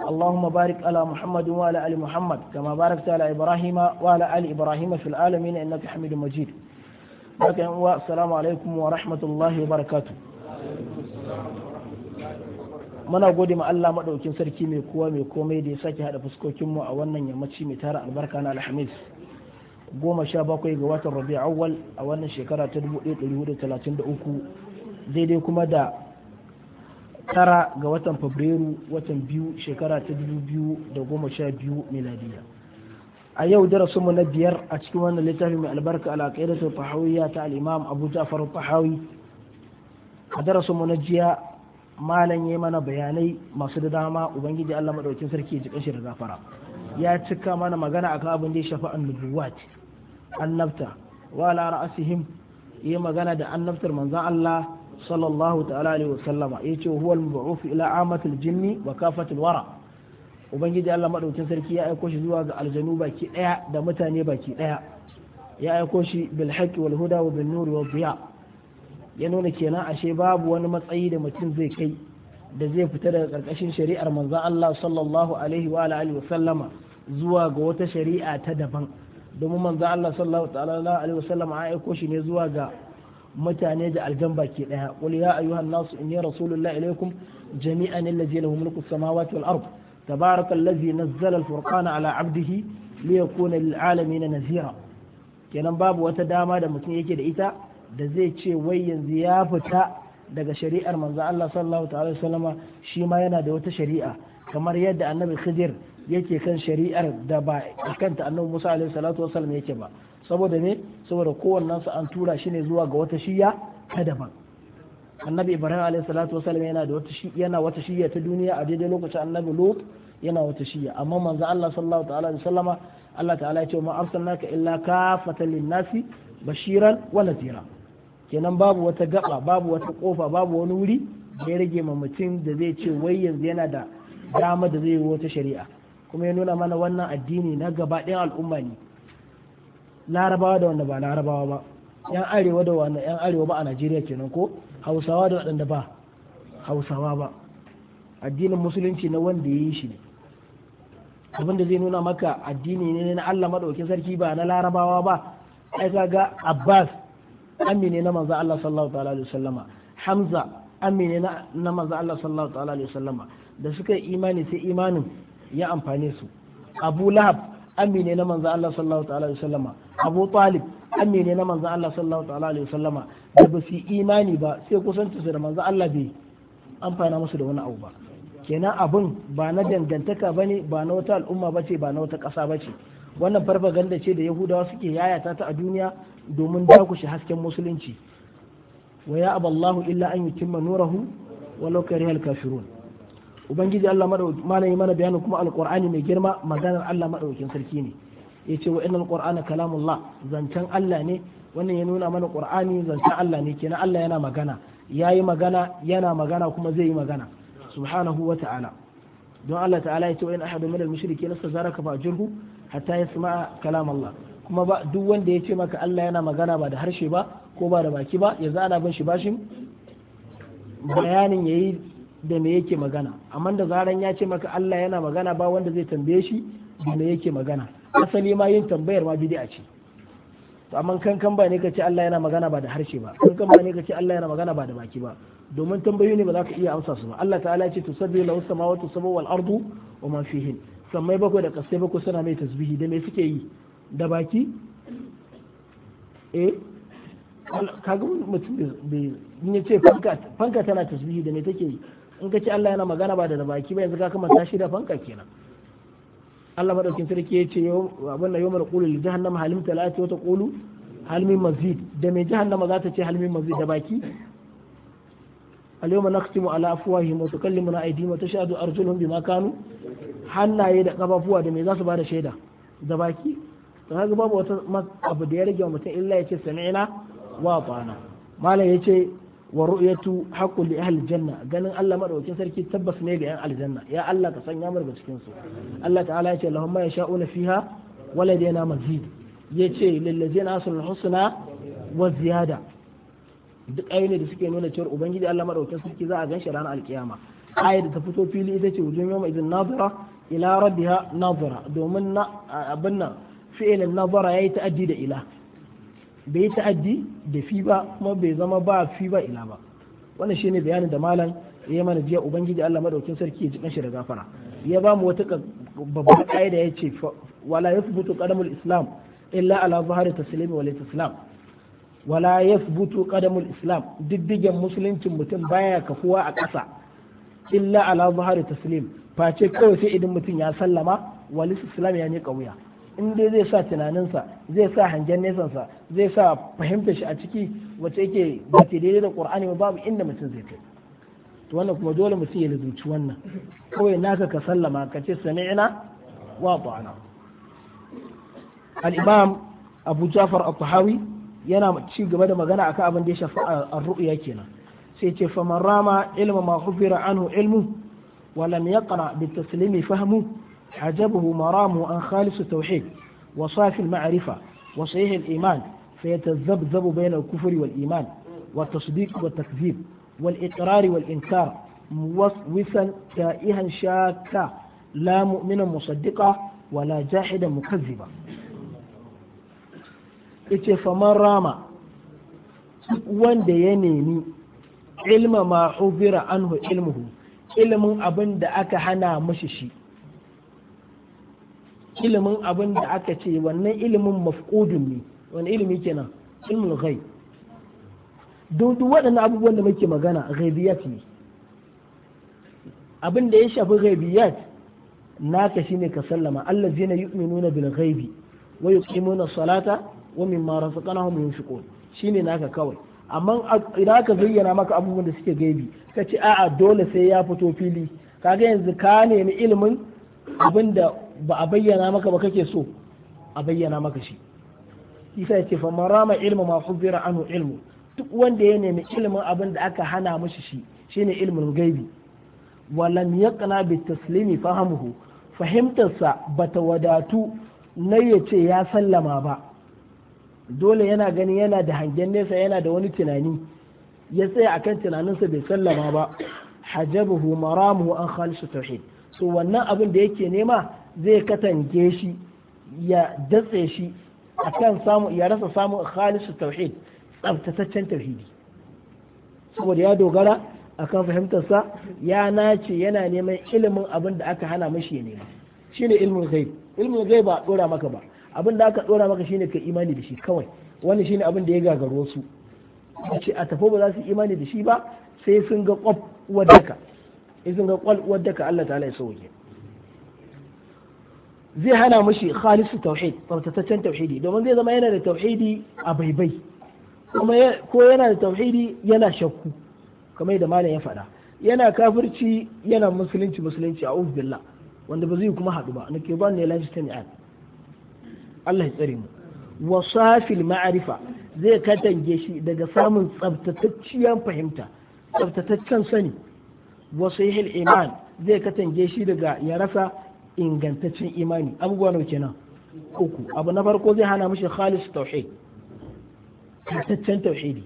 اللهم بارك على محمد وعلى ال محمد كما باركت على ابراهيم وعلى ال ابراهيم في العالمين انك حميد مجيد السلام عليكم ورحمه الله وبركاته muna gode ma Allah madaukin sarki mai kowa mai komai da ya sake hada fuskokin mu a wannan yammaci mai tara albarka na alhamis goma sha bakwai ga watan rabi'awwal a wannan shekara ta 1433 daidai kuma da tara ga watan fabrairu watan biyu shekara ta dubu biyu da goma sha biyu miladiya a yau darasinmu na biyar a cikin wannan littafi mai albarka alaƙaidatul tahawiyya ta al-imam abu ja'far tahawi a darasinmu na jiya malam yayi mana bayanai masu da dama ubangiji Allah maɗaukin sarki ya ji ƙanshi da gafara ya cika mana magana akan abin da ya shafi annubuwat annabta wa ala ra'asihim yayi magana da annabtar manzon Allah sallallahu الله تعالى عليه وسلم huwa هو المبعوث ila amatil الجن wa الورى wara ubangiji Allah madaukin sarki ya aiko shi zuwa ga aljanu baki ɗaya da mutane baki ɗaya. ya aiko shi bilhaki wal huda wa bin nuri wa ya nuna kenan ashe babu wani matsayi da mutum zai kai da zai fita daga karkashin shari'ar manzon Allah sallallahu alaihi wa alihi zuwa ga wata shari'a ta daban domin manzon Allah sallallahu ta'ala alaihi aiko shi ne zuwa ga mutane da aljan baki daya qul ya ayyuhan nasu inni rasulullahi ilaykum jami'an allazi lahu mulku samawati wal ard تبارك الذي نزل الفرقان على عبده ليكون للعالمين nazira kenan babu wata dama da mutum yake da ita da zai ce wai yanzu ya fita daga shari'ar manzo Allah sallallahu ta'ala wasallama shi ma yana da wata shari'a kamar yadda annabi Khidir yake kan shari'ar da ba kanta annabi Musa alaihi salatu wasallam yake ba saboda me saboda kowannen su an tura shi ne zuwa ga wata shiya ta daban annabi ibrahim alayhi salatu wasallam yana da wata yana wata shiya ta duniya a daidai lokacin annabi lut yana wata shiya amma manzo Allah sallallahu ta'ala alaihi sallama Allah ta'ala ya ce ma arsalnaka illa kafatan lin-nasi bashiran wa nadira kenan babu wata gaba babu wata kofa babu wani wuri da ya rage ma mutum da zai ce wai yanzu yana da dama da zai yi wata shari'a kuma ya nuna mana wannan addini na gaba ɗayan al'umma ne larabawa da wanda ba larabawa ba yan arewa da wanda yan arewa ba a najeriya kenan ko hausawa da waɗanda ba hausawa ba addinin musulunci na wanda ya yi shi ne abinda zai nuna maka addini ne na allah maɗaukin sarki ba na larabawa ba ai ga abbas amine na manzo allah sallallahu ta'ala alaihi wasallama hamza amine na manzo allah sallallahu ta'ala alaihi wasallama da suka yi imani sai imanin ya amfane su abu lahab ammi ne na manzo Allah sallallahu ta'ala alaihi wasallama Abu Talib ammi ne na manzo Allah sallallahu ta'ala alaihi wasallama da ba su imani ba sai kusanci su da manzo Allah bai amfana musu da wani abu ba kenan abun ba na dangantaka bane ba na wata al'umma bace ba na wata ƙasa bace wannan farfaganda ce da Yahudawa suke yayata ta a duniya domin dakushe hasken musulunci wa ya aballahu illa an yutimma nurahu walau karihal kafirun ubangiji Allah madauki yi mana bayanin kuma alqur'ani mai girma maganar Allah madaukin sarki ne yace wa innal qur'ana kalamullah zancen Allah ne wannan ya nuna mana qur'ani zancen Allah ne kenan Allah yana magana yayi magana yana magana kuma zai yi magana subhanahu wa ta'ala don Allah ta'ala yace wa in ahadun minal mushrikeena istazaraka fa'jurhu hatta yasma'a kalam Allah kuma ba duk wanda yace maka Allah yana magana ba da harshe ba ko ba da baki ba yanzu ana bin shi bashin bayanin yayi da me yake magana amma da zaran ya ce maka Allah yana magana ba wanda zai tambaye shi da me yake magana asali ma yin tambayar ma bid'a ce to amma kankan ba ne kace Allah yana magana ba da harshe ba kankan ba ne kace Allah yana magana ba da baki ba domin tambayoyi ne ba za ka iya amsa su ba Allah ta'ala ya ce tusabbihu lahu samawati sabu wal ardu wa ma fihin sammai bakwai da kasai bakwai suna mai tasbihi da me suke yi da baki eh kaga mutum bai in ya ce fanka tana tasbihi da me take yi in ka ce Allah yana magana ba da baki ba yanzu ka kama tashi da fanka kenan Allah madaukin sarki ya ce abin da yomar qulu li jahannam halim talati wa taqulu halmi mazid da mai jahannama za ta ce halmi mazid da baki al-yawma naqtimu ala afwahihim wa tukallimuna aydihim wa tashhadu arjuluhum bima kanu hannaye da kafafuwa da mai za su ba da shaida da baki to haka babu wata abu da ya rage wa mutum illa ya ce sami'na wa ta'ana malam ya ce wa ru'yatu haqqul li ahli janna ganin Allah madaukakin sarki tabbas ne ga yan aljanna ya Allah ka sanya mu cikin su Allah ta'ala ya ce lahum ma yasha'una fiha wa ladaina mazid yace lil ladzina asul husna wa ziyada duk ayoyi da suke nuna cewa ubangiji Allah madaukakin sarki za a ganshi ranar alkiyama ayar da ta fito fili ita ce wujun yawma idin nazara ila rabbiha nazara domin na abin nan fi'ilin nazara yayi ta'addi da ila bai yi ta'addi da fi ba kuma bai zama ba fi ba ila ba wannan shine bayanin da malam ya mana jiya ubangiji Allah madaukin sarki ya ji kanshi da gafara ya ba mu wata babbar kaida ya ce wala yathbutu qadamul islam illa ala zahari taslimi wal islam wala yathbutu qadamul islam diddigen musuluncin mutum baya kafuwa a kasa illa ala zahari taslim face kawai sai idan mutum ya sallama wal islam ya ne kauya in dai zai sa tunaninsa zai sa hangen nesansa zai sa fahimta shi a ciki wacce yake ba ke daidai da qur'ani babu inda mutum zai kai to wannan kuma dole mutum ya lazuci wannan kawai naka ka sallama ka ce sami'na wa ta'ana al-imam abu jafar al-tahawi yana ci gaba da magana akan abin da ya shafa ar-ru'ya kenan sai ce fa marama ilma ma khufira anhu ilmu wa lam yaqra bi taslimi fahmu عجبه مرامه عن خالص التوحيد وصافي المعرفة وصحيح الإيمان فيتذبذب بين الكفر والإيمان والتصديق والتكذيب والإقرار والإنكار موسوسا تائها شاكا لا مؤمنا مصدقا ولا جاحدا مكذبا ita faman rama wanda ya nemi ilma ma ubira anhu ilmuhu ilmin abin da aka hana mashi shi ilimin abin da aka ce wannan ilimin mafkudun ne wani ilimi kenan ilimin ghaib duk waɗannan abubuwan da muke magana ghaibiyat ne abin da ya shafi ghaibiyat naka shine ka sallama allazina yu'minuna bil ghaibi wa yuqimuna salata wa mimma razaqnahum yunfiqun shine naka kawai amma idan aka zayyana maka abubuwan da suke gaibi ka ce a'a dole sai ya fito fili kaga yanzu ka nemi ilimin abin da ba a bayyana maka ba kake so a bayyana maka shi isa ya ce fa marama ilmu ma hubira anu ilmu duk wanda ya nemi ilmin abin da aka hana mishi shi shine ilmin gaibi walam yaqna bi taslimi fahamuhu fahimtarsa bata wadatu na ya ce ya sallama ba dole yana gani yana da hangen nesa yana da wani tunani ya tsaya akan tunaninsa bai sallama ba hajabuhu maramuhu an khalisu tauhid so wannan abin da yake nema zai katange shi ya datse shi akan samu ya rasa samun khalisu tauhid tsabtataccen tauhidi saboda ya dogara akan fahimtarsa ya nace yana neman ilimin abin da aka hana mashi ya nema shine ilimin zai ilimin ghaib ba dora maka ba abin da aka dora maka shine ka imani da shi kawai wani shine abin da ya gagaro su ce a tafi ba za su imani da shi ba sai sun ga uwar sun ga kwal uwar daka Allah ta'ala ya sauke zai hana mashi khalisu tauhid tsaftataccen tauhidi domin zai zama yana da tauhidi a baibai kuma ko yana da tauhidi yana shakku kamar yadda malam ya faɗa yana kafirci yana musulunci musulunci a billah wanda ba zai kuma haɗu ba na ke ba ne lafi jami'an Allah ya tsare mu wa safil ma'arifa zai katange shi daga samun tsabtatacciyar fahimta tsabtataccen sani wa yi iman zai katange shi daga ya rasa ingantaccen imani abubuwa nawa kenan uku abu na farko zai hana mishi khalis tauhid tataccen tauhidi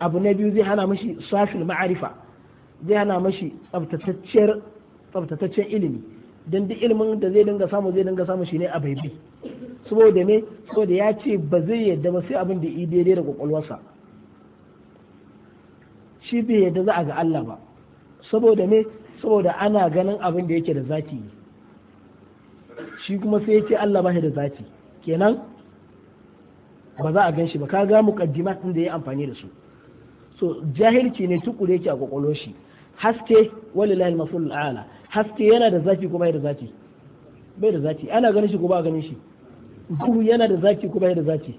abu na biyu zai hana mishi safil ma'arifa zai hana mishi tsabtataccen ilimi don duk ilimin da zai dinga samu zai dinga samu shi ne a baibi saboda me saboda ya ce ba zai yadda ba sai abin da yi daidai da kwakwalwarsa shi bai yadda za a ga Allah ba saboda me saboda ana ganin abin da yake da zaki yi shi kuma sai ya ce Allah ba shi da zaki, kenan ba za a gan shi ba ka ga muqaddimat din da ya amfani da su so jahilci ne tukure yake a kwakwalwar shi haske walillahi al-masul ala haske yana da zaki ko yana da zaki bai da zaki. ana ganin shi ko ba ganin shi duhu yana da zaki ko yana da zaki?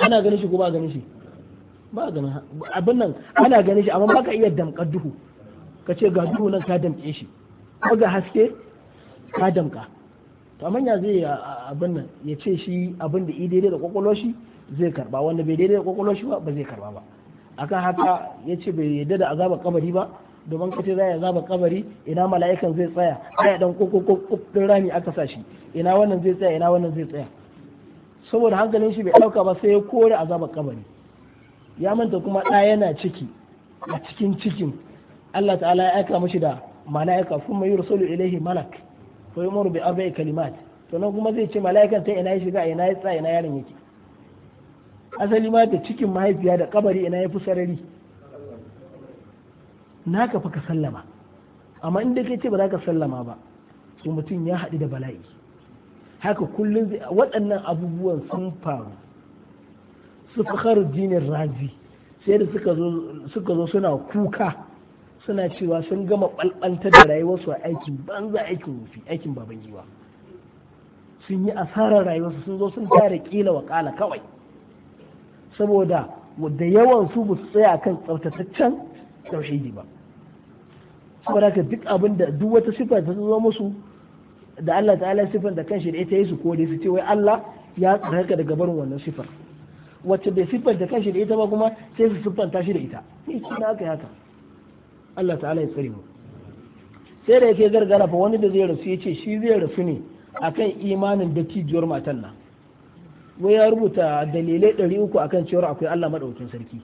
ana ganin shi ko ba ganin shi ba ganin abin nan ana ganin shi amma baka iya damkar duhu ka ce ga duhu nan ka damke shi ko ga haske ka damka to amma ya zai abin nan ya ce shi abin da i daidai da kwakwalwar shi zai karba wanda bai daidai da kwakwalwar shi ba ba zai karba ba akan haka ya ce bai yadda da azabar kabari ba domin kace za ya zaba kabari ina mala'ikan zai tsaya sai dan kokoko din rami aka sa shi ina wannan zai tsaya ina wannan zai tsaya saboda hankalin shi bai dauka ba sai ya kore azabar kabari ya manta kuma da yana ciki a cikin cikin Allah ta'ala ya aika mishi da mala'ika kuma yursalu ilaihi malak Ko yumaru bi arba'i kalimat to nan kuma zai ce mala'ikan ta ina ya shiga ina ya tsaya ina yaron yake asali ma da cikin mahaifiya da kabari ina ya fi sarari ka fi ka sallama amma inda kai ce ba za ka sallama ba su mutum ya haɗu da bala'i haka kullum waɗannan abubuwan sun faru su har jinin razi sai da suka zo suna kuka suna cewa sun gama ɓalɓanta da rayuwarsu a aikin banza aikin rufi aikin baban giwa sun yi asarar rayuwarsu sun zo sun tare kila wa kala kawai saboda da yawan su ba su tsaya kan tsaftataccen tauhidi ba saboda ka duk abin da duk wata sifa ta zo musu da Allah ta'ala sifar da kanshi da ita yi su ko da su ce wai Allah ya tsaraka daga barin wannan sifar wacce bai siffanta kanshi da ita ba kuma sai su siffanta shi da ita ni na haka haka Allah ta'ala ya tsare mu sai da yake gargara fa wani da zai rasu ya ce shi zai rasu ne akan imanin dattijuwar matan nan wai ya rubuta dalilai 300 akan cewar akwai Allah maɗaukin sarki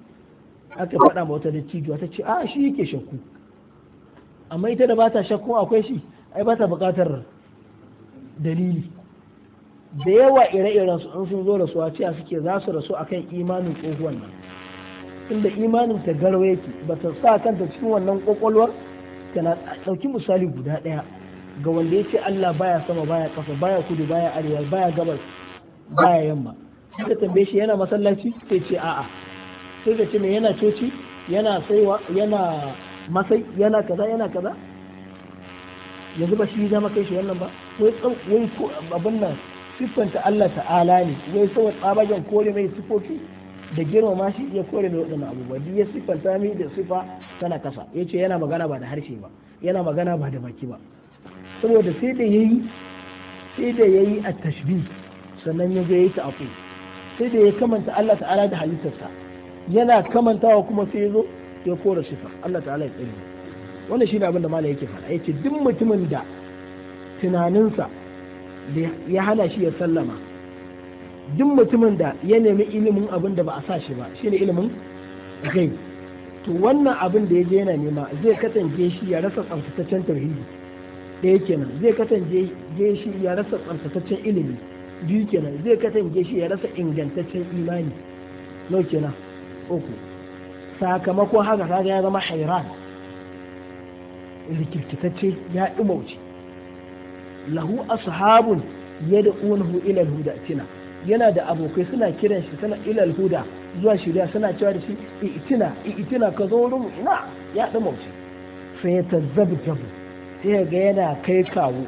aka faɗa ma wata dattijuwa ta ce a shi yake shakku amma ita da bata shakku akwai shi ai ba ta buƙatar dalili da yawa ire-iren su an sun zo rasuwa cewa suke za su rasu akan imanin tsohuwan nan inda imanin ta garo yake ba ta sa kanta cikin wannan kwakwalwar tana ɗauki misali guda ɗaya ga wanda ya ce Allah baya sama baya kafa baya kudu baya arewa baya gabas baya yamma sai ka tambaye shi yana masallaci sai ce a'a sai ka ce me yana coci yana saiwa yana masai yana kaza yana kaza yanzu ba shi ya kai shi wannan ba wai wai ko abin nan siffanta Allah ta'ala ne wai saboda tsabagen kore mai sifofi da girmama shi ya kore da waɗannan abubuwa duk ya siffanta mi da siffa tana kasa ya ce yana magana ba da harshe ba yana magana ba da baki ba saboda sai da yayi sai da yayi a tashbi sannan ya zo ta afu sai da ya kamanta Allah ta'ala da halittarsa yana kamantawa kuma sai ya zo ya kore siffa Allah ta'ala ya tsare wannan shine abin da malai yake faɗa yace duk mutumin da tunaninsa ya hana shi ya sallama duk mutumin da ya nemi ilimin abin da ba a sa shi ba shine ilimin gaibi to wannan abin da ya je yana nema zai kasance shi ya rasa tsamsataccen tauhidi ɗaya kenan zai katange shi ya rasa tsamsataccen ilimi biyu kenan zai kasance shi ya rasa ingantaccen imani nau kenan uku sakamakon haka kaga ya zama hairan rikirkitacce ya ɗi mauci lahu ashabun yad'unahu ila huda tina yana da abokai suna kiran shi suna ilal huda zuwa shirya suna cewa da shi i'tina i'tina ka zo wurin ina ya da mauci sai ya tazzabtabu sai ga yana kai kawo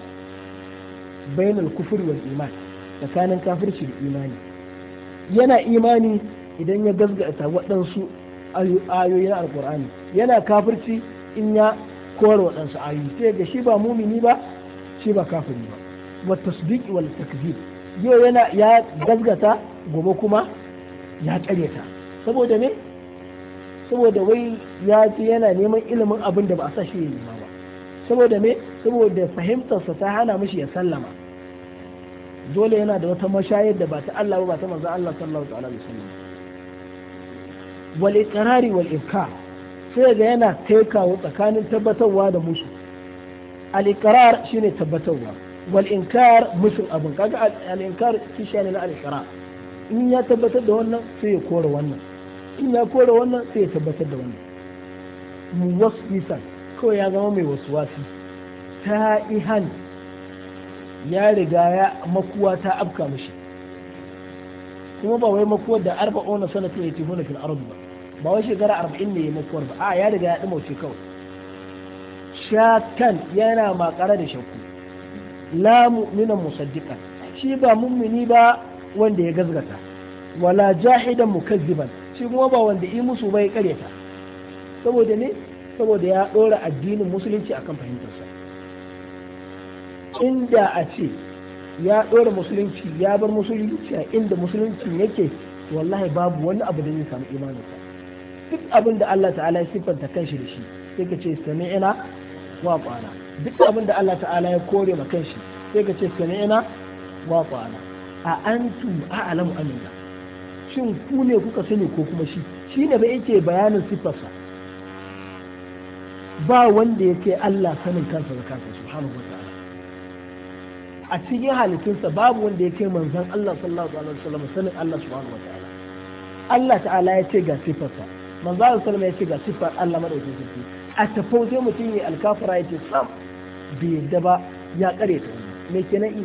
bainal kufur wal iman tsakanin kafirci da imani yana imani idan ya gazgata waɗansu ayoyin alkur'ani yana kafirci in ya kore waɗansu ayoyi sai ga shi ba mumini ba shi ba kafiri ba wa tasdiq wal takzib yau yana ya gazgata gobe kuma ya ta saboda ne saboda wai ya ce yana neman ilimin abin da ba a sa shi ya nema ba saboda me saboda fahimtarsa ta hana mishi ya sallama dole yana da wata mashayar da ba ta Allah ba ba ta manzo Allah sallallahu alaihi wasallam wal iqrari wal ifka sai ga yana kai kawo tsakanin tabbatarwa da musu al iqrar shine tabbatarwa wal inkar musul abin kaga al inkar kishiya ne na al ikra in ya tabbatar da wannan sai ya kore wannan in ya kore wannan sai ya tabbatar da wannan muwaswisan kawai ya zama mai waswasi ta'ihan ya riga ya makuwa ta afka mishi kuma ba wai makuwar da arba'una sanata ya tafi na fil ardu ba ba wai shekara arba'in ne ya makuwar ba a ya riga ya ɗumauce kawai shakan yana makara da shakku la mu'minan musaddiqan shi ba mummini ba wanda ya gazgata wala jahidan mukazziban shi kuma ba wanda yi musu bai kareta saboda ne saboda ya dora addinin musulunci akan fahimtarsa inda a ce ya dora musulunci ya bar musulunci a inda musulunci yake wallahi babu wani abu da zai samu imanin sa duk abin da Allah ta'ala ya sifanta kanshi da shi sai ka ce sami'ina wa qala duk abin da Allah ta'ala ya kore ma kanshi sai ka ce sami'na wa ana a antum alam amina shin ku ne kuka sani ko kuma shi shi ne ba yake bayanin sifarsa ba wanda yake Allah sanin kansa da kansa subhanahu wataala a cikin halittunsa babu wanda yake manzon Allah sallallahu alaihi wasallam sanin Allah subhanahu wataala Allah ta'ala ya ce ga sifarsa manzo Allah sallallahu alaihi wasallam ya ce ga sifar Allah madaukakin sarki a tafau sai mutum ya alkafara ya ce sam bai yadda ba ya kare ta me ke na yi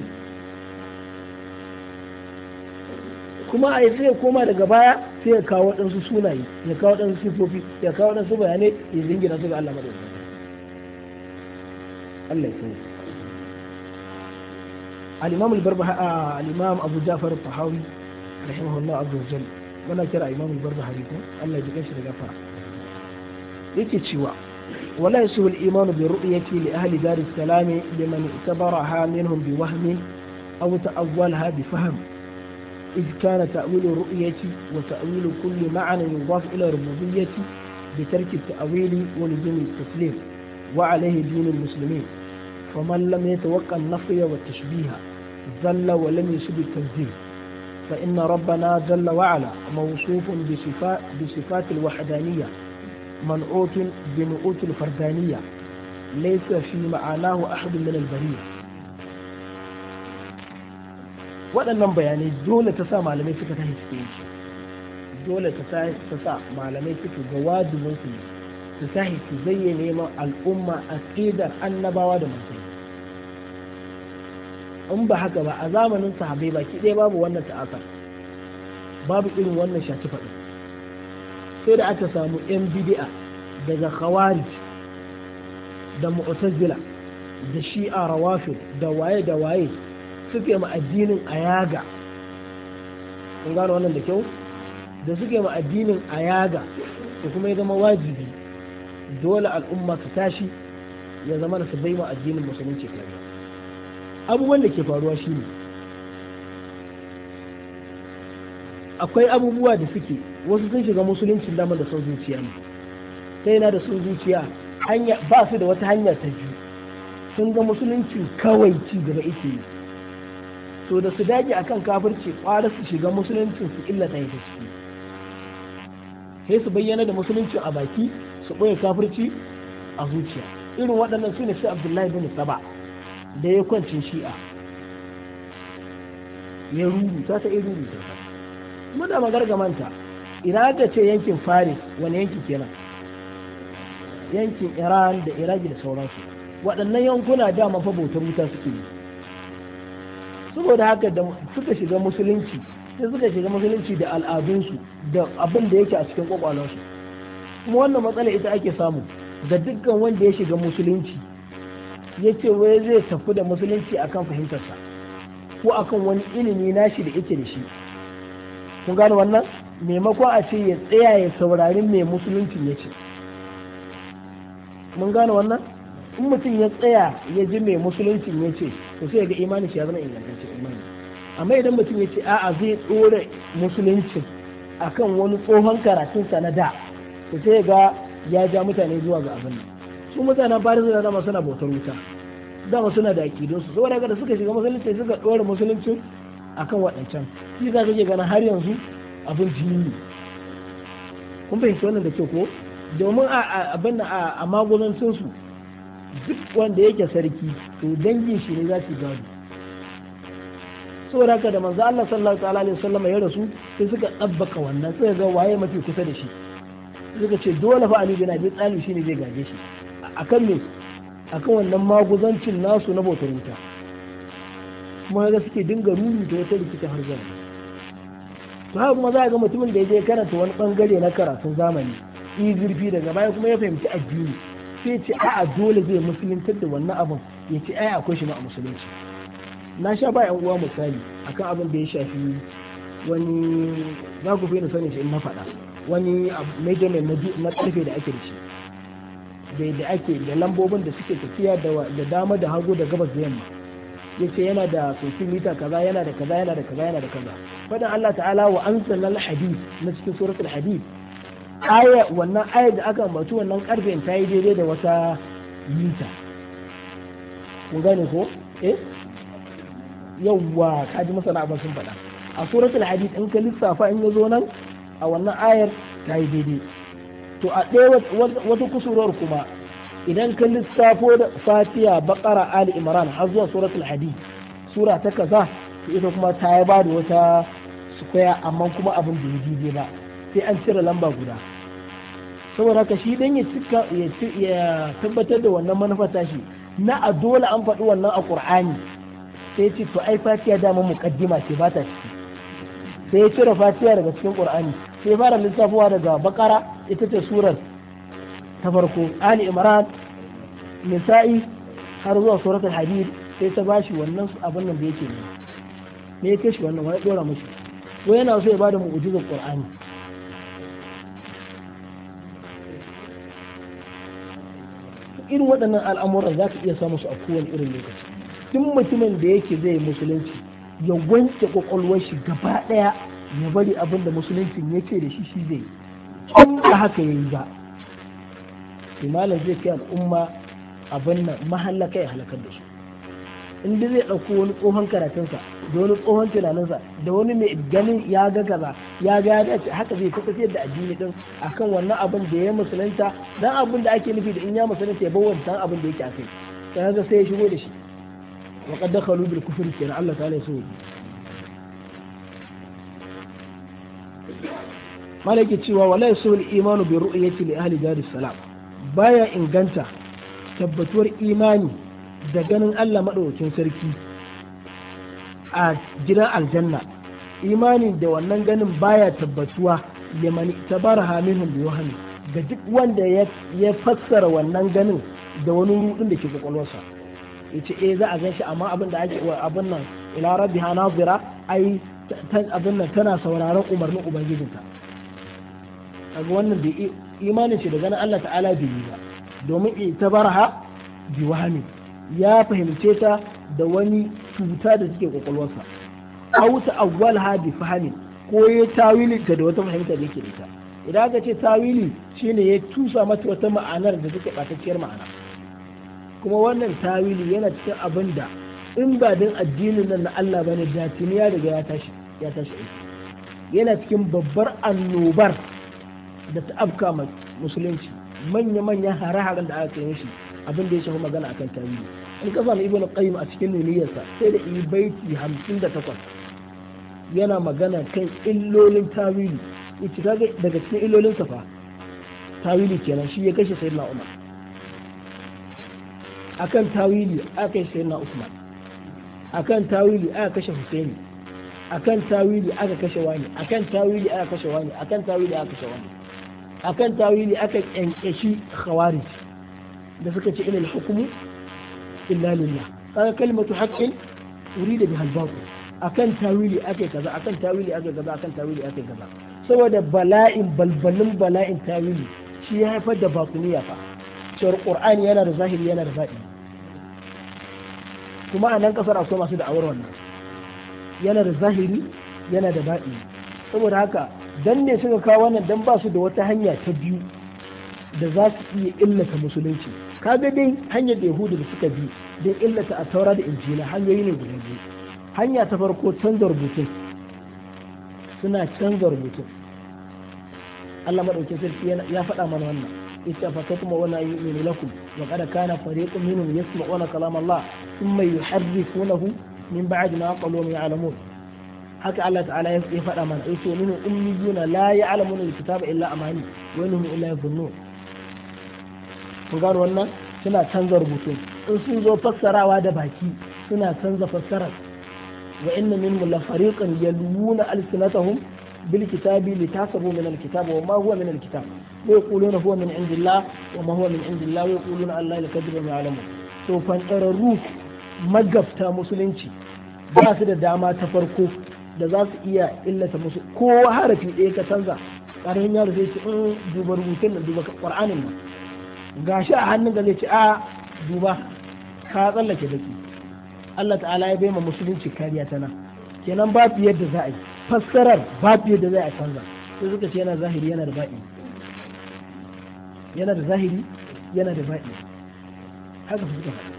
kuma a yi ya koma daga baya sai ya kawo waɗansu sunaye ya kawo waɗansu sifofi ya kawo waɗansu bayanai ya zingina su ga Allah madaukaki Allah ya al-imam al-barbahari al-imam abu jafar tahawi rahimahullah azza wa jalla wannan kira al-imam al-barbahari ko Allah ya ji kashi da gafara yake cewa ولا يسوء الإيمان برؤية لأهل دار السلام لمن اعتبرها منهم بوهم أو تأولها بفهم إذ كان تأويل الرؤية وتأويل كل معنى يضاف إلى الربوبية بترك التأويل ولزوم التسليم وعليه دين المسلمين فمن لم يتوقع النفي والتشبيه ذل ولم يسب التنزيل فإن ربنا جل وعلا موصوف بصفات الوحدانية منعوت بنعوت الفردانية ليس في معناه أحد من البرية waɗannan bayanai dole ta sa malamai suka ta suke yi dole ta sa malamai suka ga wajibin su ne su sahi su zayyane ma al'umma a annabawa da manzanni in ba haka ba a zamanin sahabai baki ɗaya babu wannan ta'asar babu irin wannan shafi faɗin sai da aka samu yan bidi'a daga khawarij da mu'tazila da shi'a rawafid da waye da waye suke ma addinin ayaga kun gano wannan da kyau da suke ma addinin ayaga da kuma ya zama wajibi dole al'umma su tashi ya zama da su bai addinin musulunci kariya abubuwan da ke faruwa shine akwai abubuwa da suke wasu sun shiga musuluncin dama da son zuciya ne ta yana da son zuciya ba su da wata hanya ta biyu sun ga musulunci kawai ci gaba ike yi so da su dage akan kafirci kwara su shiga musuluncin su illata ya shi sai su bayyana da musuluncin a baki su ɓoye kafirci a zuciya irin waɗannan su ne shi abdullahi bin saba da ya kwancin shi'a ya rubuta ta irin rubuta muna magargamanta manta aka ce yankin faris wani yankin kenan yankin iran da iraki da sauransu waɗannan yankuna dama mafa bautar wuta suke yi saboda haka da suka shiga musulunci sai suka shiga musulunci da al'adunsu da abin da yake a cikin kwakwalansu kuma wannan matsala ita ake samu ga dukkan wanda ya shiga musulunci ya ce wai zai tafi da musulunci akan fahimtarsa ko akan wani ilimi nashi da yake da shi kun gano wannan maimakon a ce ya tsaya ya saurari mai musuluncin ya ce mun gano wannan in mutum ya tsaya ya ji mai musuluncin ya ce to sai ga imanin shi ya zama ingantacce imani amma idan mutum ya ce a'a zai tsora musuluncin akan wani tsohon karatun sa na da to sai ga ya ja mutane zuwa ga abin su mutanen ba da zama suna bautar wuta dama suna da su, saboda da suka shiga musulunci suka tsore musuluncin akan waɗancan shi za ka ganin har yanzu abin jini ne kun fahimci wannan da ke ko domin abin a magudancinsu duk wanda yake sarki to dangin shi ne za su gado saboda haka da manzo Allah sallallahu alaihi wasallam ya rasu sai suka tsabbaka wannan sai ga waye mafi kusa da shi suka ce dole fa Ali bin Abi Talib shine zai gaje shi akan me akan wannan maguzancin nasu na bautar wuta kuma ga suke dinga ruru da wata rikita har zuwa to haka kuma za a ga mutumin da ya je karanta wani bangare na karatun zamani yi zurfi daga baya kuma ya fahimci addini sai ce a'a dole zai musuluntar da wannan abin ya ce ai akwai shi ma a musulunci na sha ba yan uwa misali akan abin da ya shafi wani za ku fi sani shi in na faɗa wani measurement na karfe da ake da shi da ake da lambobin da suke tafiya da dama da hagu da gabas da yamma yace yana da mita kaza yana da kaza yana da kaza yana da kaza fadin Allah ta'ala wa anzalal hadid na cikin suratul hadid aya wannan ayar da aka ambatu wannan karfen ta yi daidai da wata mita kun gane ko eh yawwa ji masana abin sun faɗa a suratul hadid in ka lissafa in ya zo nan a wannan ayar ta yi daidai to a ɗaya wata kusurwar kuma idan ka lissafo da fatiya baƙara ali imran har zuwa suratul hadid sura ta kaza ita kuma ta yi ba da wata su koya amma kuma abin da ya jije ba sai an cire lamba guda saboda haka shi dan ya cika ya tabbatar da wannan manufa tashi na a dole an faɗi wannan a qur'ani sai ce to ai fatiya dama muqaddima ce ba ta ciki sai ya cire fatiya daga cikin qur'ani sai fara lissafuwa daga bakara ita ce surar ta farko ali imran nisa'i har zuwa suratul hadid sai ta bashi wannan abin nan da yake ne ne ya kashi wannan wani ɗora mashi wai yana so ya bada mu'jizar qur'ani irin waɗannan al'amuran za ka iya samu su a kowane irin lokaci duk mutumin da yake zai musulunci ya wanke kwakwalwar shi gaba ɗaya ya bari abin da musuluncin yake da shi shi zai in da haka yi ba to zai kai al'umma abin nan mahallaka ya halakar da su in da zai ɗauko wani tsohon karatunsa da wani tsohon tunaninsa da wani mai ganin ya ga gaba ya ga ya dace haka zai ta tafiyar da addini din akan wannan abin da ya musulunta dan abin da ake nufi da in ya musulunta ya bawa dan abin da yake a kai sai sai ya shigo da shi wa qad dakhalu bil kufri kenan Allah ta'ala ya so malaki cewa wala yasul imanu bi ru'yati li ahli dar salam baya inganta tabbatuwar imani da ganin Allah maɗaukin sarki a gidan aljanna imanin da wannan ganin baya tabbatuwa ya mani bar hamihun da yohani ga duk wanda ya fassara wannan ganin da wani rudin da ke kwakwalwarsa ya ce eh za a gan shi amma abin da ake abin nan ila rabbi hanazira ai abin nan tana sauraron umarnin ubangijinta kaga wannan da imanin shi da ganin Allah ta'ala bai yi ba domin itabarha biwahami ya fahimce ta da wani cuta da suke kwakwalwarsa A wuta hadi bi ko ya tawili ta da wata fahimta da yake da ita idan aka ce tawili shine ya tusa mata wata ma'anar da take batacciyar ma'ana kuma wannan tawili yana cikin abin da in ba din addinin nan na Allah bane da tuniya daga ya tashi ya tashi aiki yana cikin babbar annobar da ta afka musulunci manya-manyan hare-haren da aka kai shi abin da ya shafi magana akan tarihi in ka samu ibnu qayyim a cikin nuniyarsa sai da yi baiti 58 yana magana kan illolin tawili wuce kaga daga cikin illolin sa fa tawili kenan shi ya kashe sayyidina umar akan tawili aka kashe sayyidina usman akan tawili aka kashe husaini akan tawili aka kashe wani akan tawili aka kashe wani akan tawili aka kashe wani akan tawili aka kyankyashi khawarij da suka ce ilal hukumu illa lillah kaga kalmatu haqqin urida bi halbaku akan tawili akai kaza akan tawili akai kaza akan tawili akai kaza saboda bala'in balbalin bala'in tawili shi ya haifar da bakuniya fa cewar qur'ani yana da zahiri yana da baɗi kuma a nan kasar akwai masu da'awar wannan yana da zahiri yana da baɗi saboda haka dan ne suka kawo wannan dan ba su da wata hanya ta biyu da za su iya illata musulunci kaga dai hanyar da yahudu da suka bi don illata a taura da injila hanyoyi ne guda biyu hanya ta farko canza rubutun suna canza rubutun Allah madaukin sarki ya faɗa mana wannan ita fa kuma wana yu'minu lakum wa kana fariqun minhum yasma'una kalam Allah thumma yuharrifunahu min ma qalu ya'lamun haka Allah ta'ala ya faɗa mana yace minhum ummiyuna la ya'lamuna alkitaba illa amani wa innahum illa yadhunnun kun gano wannan suna canza rubutun in sun zo fassarawa da baki suna canza fassarar wa inna minhum la fariqan yalwuna alsinatahum bil kitabi litasabu min alkitabi wa ma huwa min alkitab wa yaquluna huwa min indillah wa ma huwa min indillah wa yaquluna allahi lakadiba ma alamu to fantararru magabta musulunci ba su da dama ta farko da za su iya illata musu kowa harafi ɗaya ka canza ƙarfin yaro zai ce in mm, duba rubutun da duba ƙwar'anin nan gashi a hannun da zai ce a duba ka tsallake daki Allah ta'ala ya bai ma musulunci kariya ta nan kenan ba fiye da za a yi fassarar ba fiye da za a canza sai suka ce yana zahiri yana da baɗi yana da zahiri yana da baɗi haka suka faɗi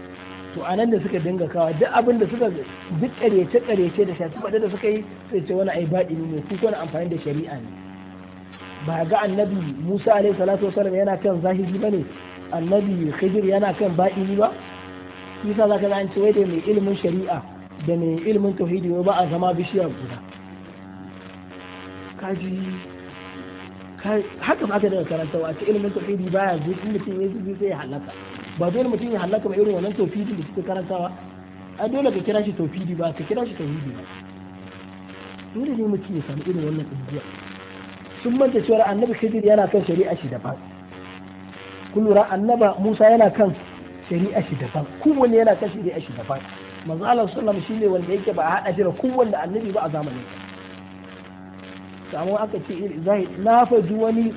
to a nan da suka dinga kawa duk abin da suka duk ƙaryace ƙaryace da shafi faɗi da suka yi sai ce wani ai baɗi ne ko kuma amfani da shari'a ne ba ga annabi Musa alaihi salatu wasallam yana kan zahiri bane annabi khidir yana kan baɗi ba shi sa zaka an ce wai da mai ilimin shari'a da mai ilimin tauhidi ba a zama bishiya guda kaji haka ba ka daga karantawa a ce ilimin tauhidi baya zuwa in mutum ya zuwa sai ya halaka ba dole mutum ya halaka ba irin wannan tauhidi da suke karantawa a dole ka kira shi tauhidi ba ka kira shi tauhidi ba dole ne mutum ya samu irin wannan ɗabi'a sun manta cewa annabi khidir yana kan shari'a shi da daban kun annaba Musa yana kan shari'a shi daban kowanne yana kan shari'a shi daban manzo Allah sallam shine wanda yake ba a hada shi da kowanne annabi ba a zamanin samu aka ce zai na faji wani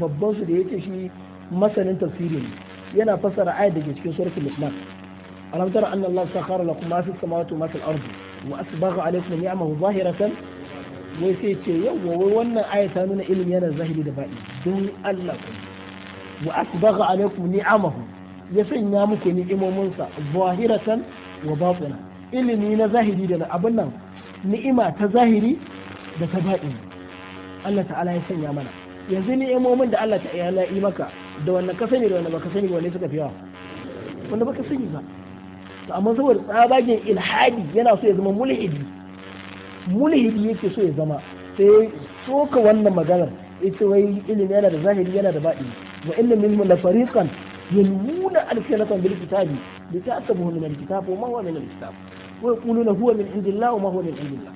babban su da yake shi masanin tafsiri ne yana fassara ayat da ke cikin suratul Luqman alam tara anna Allah sakhara lakum ma fis samawati wa ma fil ardi wa asbagha alaykum ni'amahu zahiratan wai sai ce yau wai wannan ayat ta nuna ilimi yana zahiri da baɗi don Allah kuma wa asbagha alaikum ni'amahu ya sanya muku ni'imominsa zahiratan wa batina ilimi na zahiri da abun abin nan ni'ima ta zahiri da ta batini Allah ta'ala ya sanya mana yanzu ni'imomin da Allah ta'ala ya yi maka da wanda ka sani da wanda baka sani wani suka fi yawa wanda baka sani ba to amma saboda tsabagen ilhadi yana so ya zama mulhidi mulhidi yake so ya zama sai soka wannan maganar ita wai ilimi yana da zahiri yana da batini wa inna minhum la fariqan yalwuna alsinatan bil kitabi litahsabuhu min al kitab wa ma huwa min al kitab wa yaquluna huwa min indillah wa ma huwa min indillah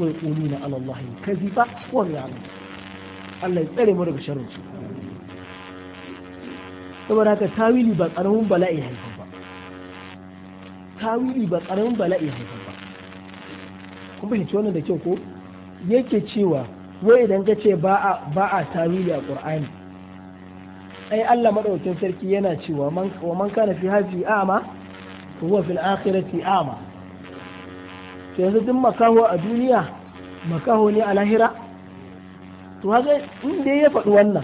wa yaquluna ala allahi kadhiba Allah ya tsare mu daga sharrin su saboda haka tawili ba karamin bala'i haifar ba tawili ba karamin bala'i da kyau ko yake cewa wai idan ka ce ba a tawili a ƙur'ani. ai Allah madaukakin sarki yana cewa wa man kana fi hadhihi a'ma huwa fil akhirati a'ma to yanzu duk makaho a duniya makaho ne a lahira to haka in dai ya faɗi wannan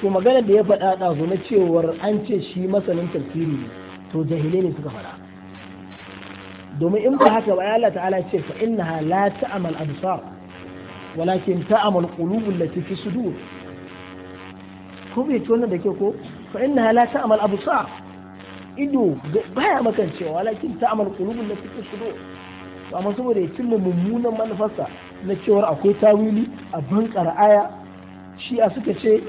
to magana da ya faɗa ɗazu na cewar an ce shi masanin tafsiri ne to jahilai ne suka faɗa domin in ba haka ba Allah ta'ala ce fa innaha la ta'mal absar walakin ta'mal qulubul lati fi sudur ko bai ci wannan da ke ko fa inna la ta'mal absar ido baya cewa walakin ta'mal qulubul lati fi to amma saboda ya cimma mummunan manufarsa na cewar akwai tawili a bankar aya shi a suka ce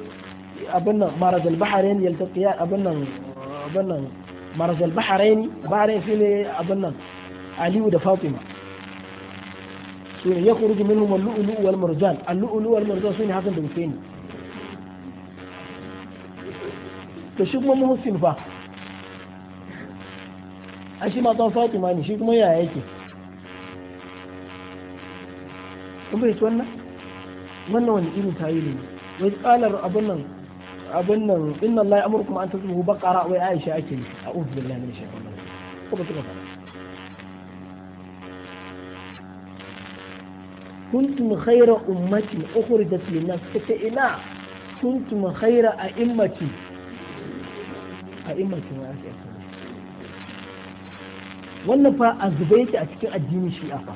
abin nan marazal bahrain yaltaqiya abin nan abin nan marazal bare baharain shine abin nan aliyu da fatima sune ya kuruji minhum al-lu'lu wal marjan al-lu'lu wal marjan sune hakan da mutane to shi kuma muhsin fa a shi ma ɗan fatima ne shi kuma yaya yake kun bai ci wannan wannan wani irin tayili ne wai kalar abin nan abin nan inna allahi amurkum an tasbihu baqara wai aisha ake yi a uzu billahi min shaytanir rajim ko ba suka fara kuntum khayra ummatin ukhrijat lin-nas ina kuntum khayra a'immati a imma ce ma ake wannan fa a zube yake a cikin addinin a fa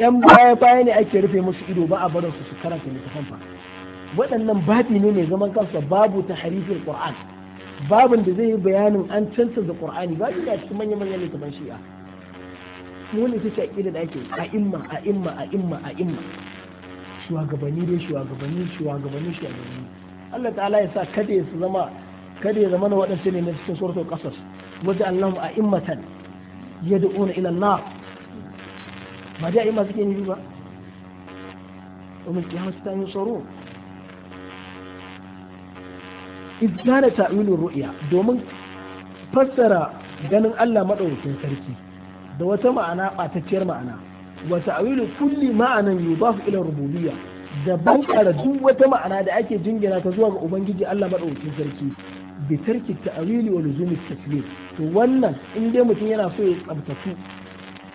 yan baya baya ne ake rufe musu ido ba a barin su su karanta littafin fa waɗannan babi ne mai zaman kansa babu ta harifin qur'an babin da zai yi bayanin an cancanza qur'ani babi ne a cikin manyan manyan littafin shi'a mu ne ta shaƙi da ake a imma a imma a imma a imma shugabanni dai shugabanni shugabanni shugabanni Allah ta'ala ya sa kada ya zama kada ya zama na waɗansu ne na cikin suratul qasas wajen Allahum a immatan yad'una ila Allah ba dai a'imma suke nufi ba ومن قيامة ينصرون إذ كان تأويل الرؤيا domin fassara ganin Allah maɗaukakin sarki da wata ma'ana ɓatacciyar ma'ana wa ta'awilu kulli ma'anan yudafu ila rububiyya da bankara duk wata ma'ana da ake jingina ta zuwa ga ubangiji Allah madaukakin sarki bi tarki ta'wili wa luzumi taklif to wannan in dai mutum yana so ya tsabtatu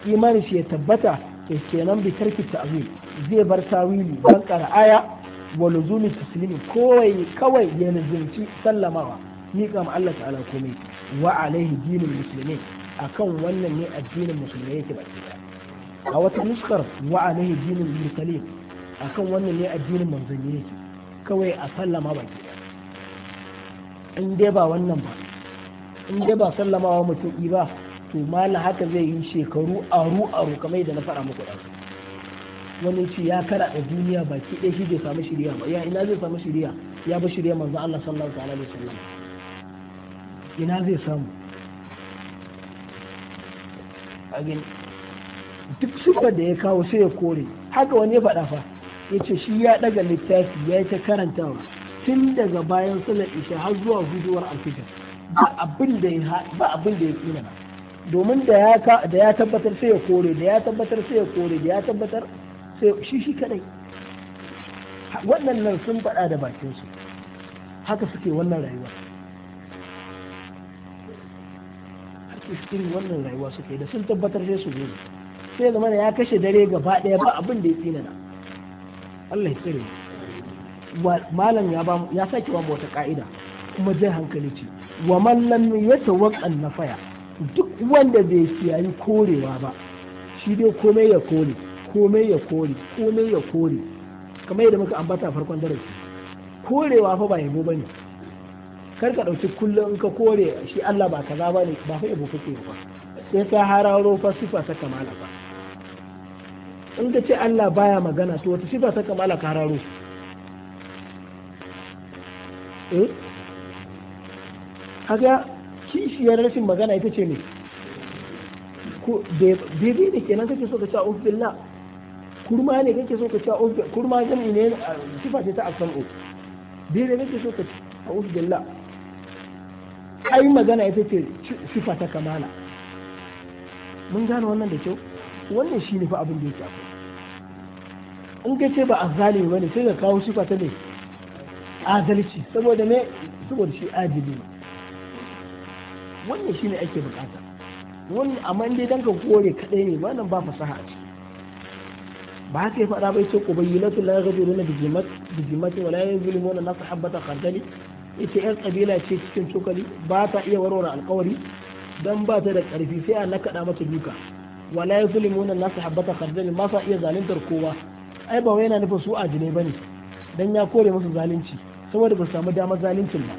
imanin shi ya tabbata ke kenan bi tarki ta'wil zai bar tawili bankara aya wa luzumi taslimi kawai kawai ya nazarci sallamawa Ni kam Allah ta'ala komai wa alaihi dinul muslimin akan wannan ne addinin musulmai yake baki a wata nuskar wa alaihi dinul mursalin akan wannan ne addinin manzanni ne kawai a sallama ba ke in dai ba wannan ba in dai ba sallamawa mutum ba to mala haka zai yi shekaru aru aru kamar yadda na faɗa muku da wani ce ya kara da duniya baki ɗaya shi bai samu shiriya ba ya ina zai samu shiriya ya bi shirya manzo Allah sallallahu alaihi wasallam ina zai samu a duk sifar da ya kawo sai ya kore haka wani ya faɗa fa ya ce shi ya ɗaga littafi ya yi ta karantawa tun daga bayan sallar isha har zuwa huduwar alfitar ba abin da ya ba domin da ya tabbatar sai ya kore da ya tabbatar sai ya kore da ya tabbatar sai shi shi kadai waɗannan sun faɗa da bakinsu haka suke wannan rayuwa haka suke wannan rayuwa suke da sun tabbatar sai su zo sai zama ya kashe dare gaba ɗaya ba abin da ya tsinana Allah ya tsere malam ya ba ya sake wa wata ka'ida kuma zai hankali ce wa man lam na nafaya duk wanda bai kiyayi korewa ba shi dai komai ya kore komai ya kore komai ya kore kamar yadda muka ambata farkon darasi korewa fa ba yabo bane kar ka dauki kullum in ka kore shi Allah ba kaza bane ba fa yabo kake ba sai ka hararo fa sifa ta kamala ba in ka ce Allah baya magana to wata sifa ta kamala ka hararo eh kaga kishiyar rashin magana ita ce ne ko bebe ne kenan kake so ka ce a'udhu billah kurma ne kake so ka ce a'udhu kurma jami'i ne sifa ce ta asamu bebe kake so ka ce a'udhu billah ai magana ita ce sifa ta kamala mun gane wannan da kyau wannan shi ne fa abin da yake akwai in ka ce ba a zalimi ba ne sai ka kawo sifa ta ne adalci saboda me saboda shi adili wannan shine ake bukata wani amma dai dan ka kore kadai ne wannan ba fasaha a ciki ba haka ya faɗa bai ce ko ku bayyanatu la jiru na bijimat bijimat wala yanzilimu na nasu habbata khardali ita yan kabila ce cikin cokali ba ta iya warware alkawari dan ba ta da karfi sai a nakaɗa mata duka wala yanzilimu na nasu habbata khardali ba sa iya zaluntar kowa ai ba wai yana nufin su adilai bane dan ya kore musu zalunci saboda ba su samu damar zaluncin ba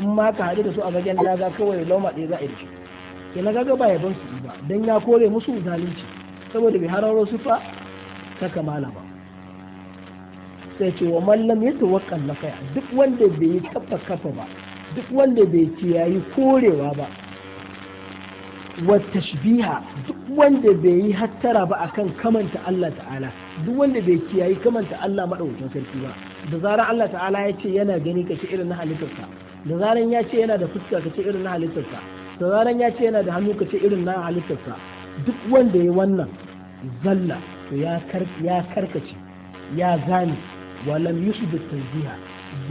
in ma ka haɗu da su a gagen daga kawai lauma ɗaya za a yi ke na gaga ba yabon su ba dan ya kore musu zalunci saboda bai hararo su fa ta kamala ba sai ce wa mallam ya tawakkal duk wanda bai yi kafa kafa ba duk wanda bai kiyayi korewa ba watashbiha duk wanda bai yi hattara ba akan kamanta Allah ta'ala duk wanda bai kiyayi kamanta Allah madaukakin sarki ba da zaran Allah ta'ala ya ce yana gani kace irin na halittarsa da zaran ya ce yana da fuska kace irin na halittarsa da zaran ya ce yana da hannu kace irin na halittarsa duk wanda ya wannan zalla to ya kar ya karkace ya zani walam yusbit tanziha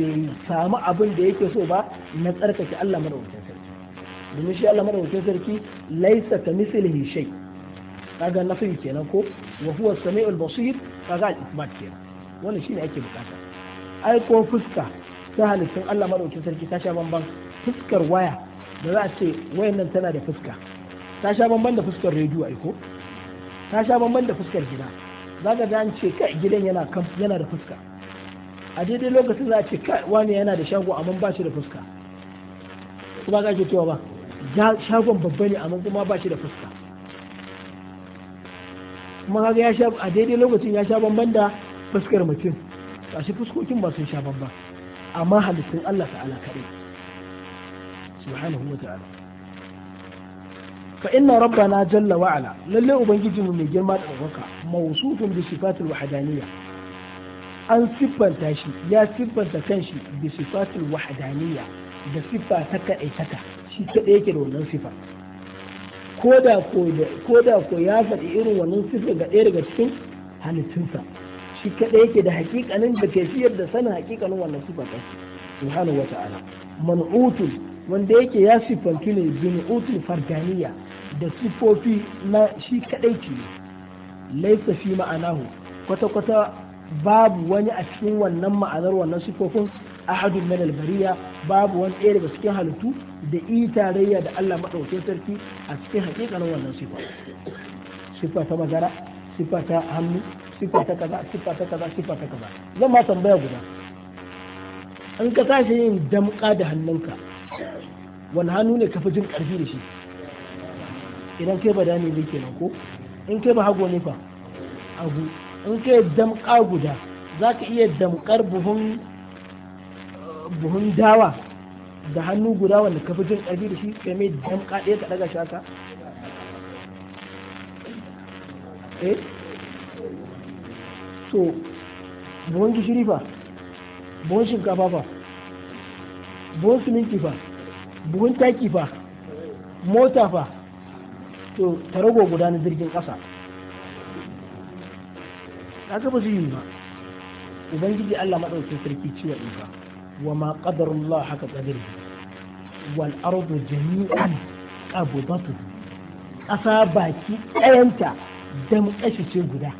bai samu abin da yake so ba na tsarkake Allah madaukakin domin shi Allah madaukakin sarki laisa ka mislihi shay kaga nafi kenan ko wa huwa samiul basir kaga al ithbat kenan wannan shine ake bukata ai ko fuska ta halittun Allah madaukakin sarki ta sha bamban fuskar waya da za a ce wayan nan tana da fuska ta sha bamban da fuskar rediyo ai ko ta sha bamban da fuskar gida zaka ga an ce kai gidan yana yana da fuska a daidai lokacin za a ce kai wani yana da shago amma ba shi da fuska ba za ke cewa ba shagon babba ne amma kuma ba shi da fuska kuma kaga ya sha a daidai lokacin ya sha bamban da fuskar mutum ba shi fuskokin ba sun sha bamba amma halittun Allah ta'ala kaɗai subhanahu wa ta'ala fa inna rabbana jalla wa ala lalle ubangiji mu mai girma da ɗaukaka mawsufun bi sifatil wahdaniyya an siffanta shi ya siffanta kanshi bi sifatil wahdaniyya da siffa ta kaɗaitaka shi kaɗai yake da wannan sifa ko da ko ya faɗi irin wannan sifa ga ɗaya daga cikin halittunsa shi kaɗai yake da hakikanin da ke siyar da sanin hakikanin wannan sifa ta subhanahu wa ta'ala man'utul wanda yake ya sifantu ne bin'utul fardaniya da sifofi na shi kaɗai ke laisa shi ma'anahu kwata-kwata babu wani a cikin wannan ma'anar wannan sifofin ahadun min albariya babu wani ɗaya daga cikin halittu da yi tarayya da Allah madaukakin sarki a cikin hakikanin wannan sifa sifa ta magara sifa ta hannu sifa ta kaza sifa ta kaza sifa ta kaza zan ma tambaya guda an ka tashi yin damƙa da hannunka wani hannu ne kafa jin ƙarfi da shi idan kai ba dani ne kenan ko in kai ba hago ne fa abu in kai damƙa guda za ka iya damƙar buhun buhun dawa da hannu guda wanda ka fi jin ƙarfi da shi sai mai damƙa ɗaya ka ɗaga shaka eh so buhun gishiri fa buhun shinkafa fa buhun siminti fa buhun taki fa mota fa to tarago guda na jirgin ƙasa haka ba su yi ba ubangiji Allah maɗauki sarki ciwon ba وما قدر الله حق قدره والأرض جميعا قبضته أسا باكي أنت دم أشي guda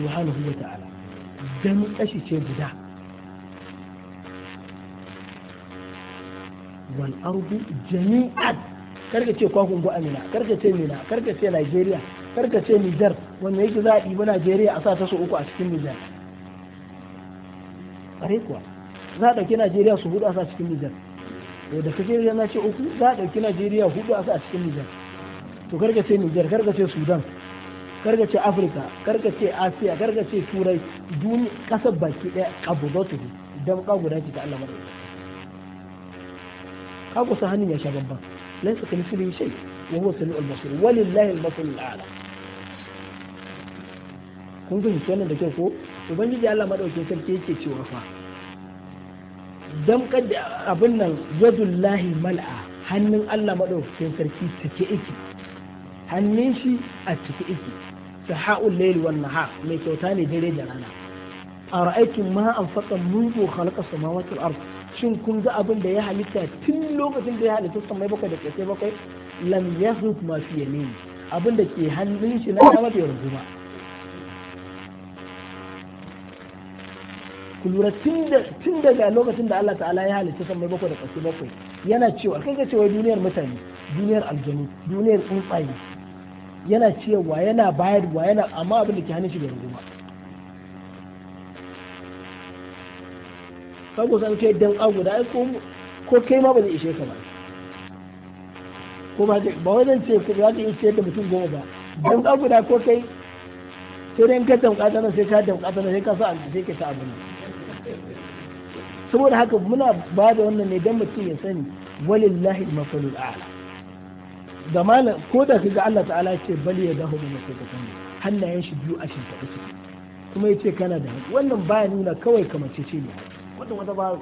subhanahu wa ta'ala dam kashi guda wal karka ce kwakwan amina karka ce mina karka ce Najeriya karka ce Niger wanda yake za a ɗiba Najeriya a sa ta so uku a cikin nijar Kare kuwa za a ɗauki najeriya su hudu a sa cikin nijar da kake na ce uku za a ɗauki najeriya hudu a sa cikin nijar to karga ce nijar karga ce sudan karga ce afirka karga ce asiya karga ce turai duniya kasar baki ɗaya su idan ka guda ce ta allah ka kusa hannun ya sha babban laisa kamithlihi shai wa huwa al basir walillahi al-masalul a'la kun fahimci wannan da kyau ko ubangiji Allah madaukakin sarki yake cewa fa damkar da abin nan yadullahi mal'a hannun Allah madaukakin sarki take iki hannun shi a cike iki saha'ul layl wan nahar mai kyauta ne dare da rana a ra'aikin ma anfaqa mundu khalaqa samawati wata ard shin kun ga abin da ya halitta tun lokacin da ya halitta sama bakwai da kasai bakwai lam yahut ma fi yamin abin da ke hannun shi na dama bai rubu ba ku lura tun daga lokacin da Allah ta'ala ya halitta san mai bakwai da ƙasa bakwai yana cewa kai ga cewa duniyar mutane duniyar aljanu duniyar tsuntsaye yana cewa yana bayar wa yana amma abin da ke hannun shi da ruguma kago san kai dan ago da ko ko kai ma ba zai ishe ka ba ko ba ba wajen ce ku za ka ishe da mutum goma ba dan ago da ko kai sai dan ka damƙa sai ka damƙa sai ka sa sai ka sa abin saboda haka muna ba da wannan ne don mutum ya sani walillahi mafalul a'la da malam ko da kaga Allah ta'ala ce bali ya dahu da kan hannayen shi biyu a ta su kuma ya ce kana da wannan baya nuna kawai kamace ce ne wannan wata ba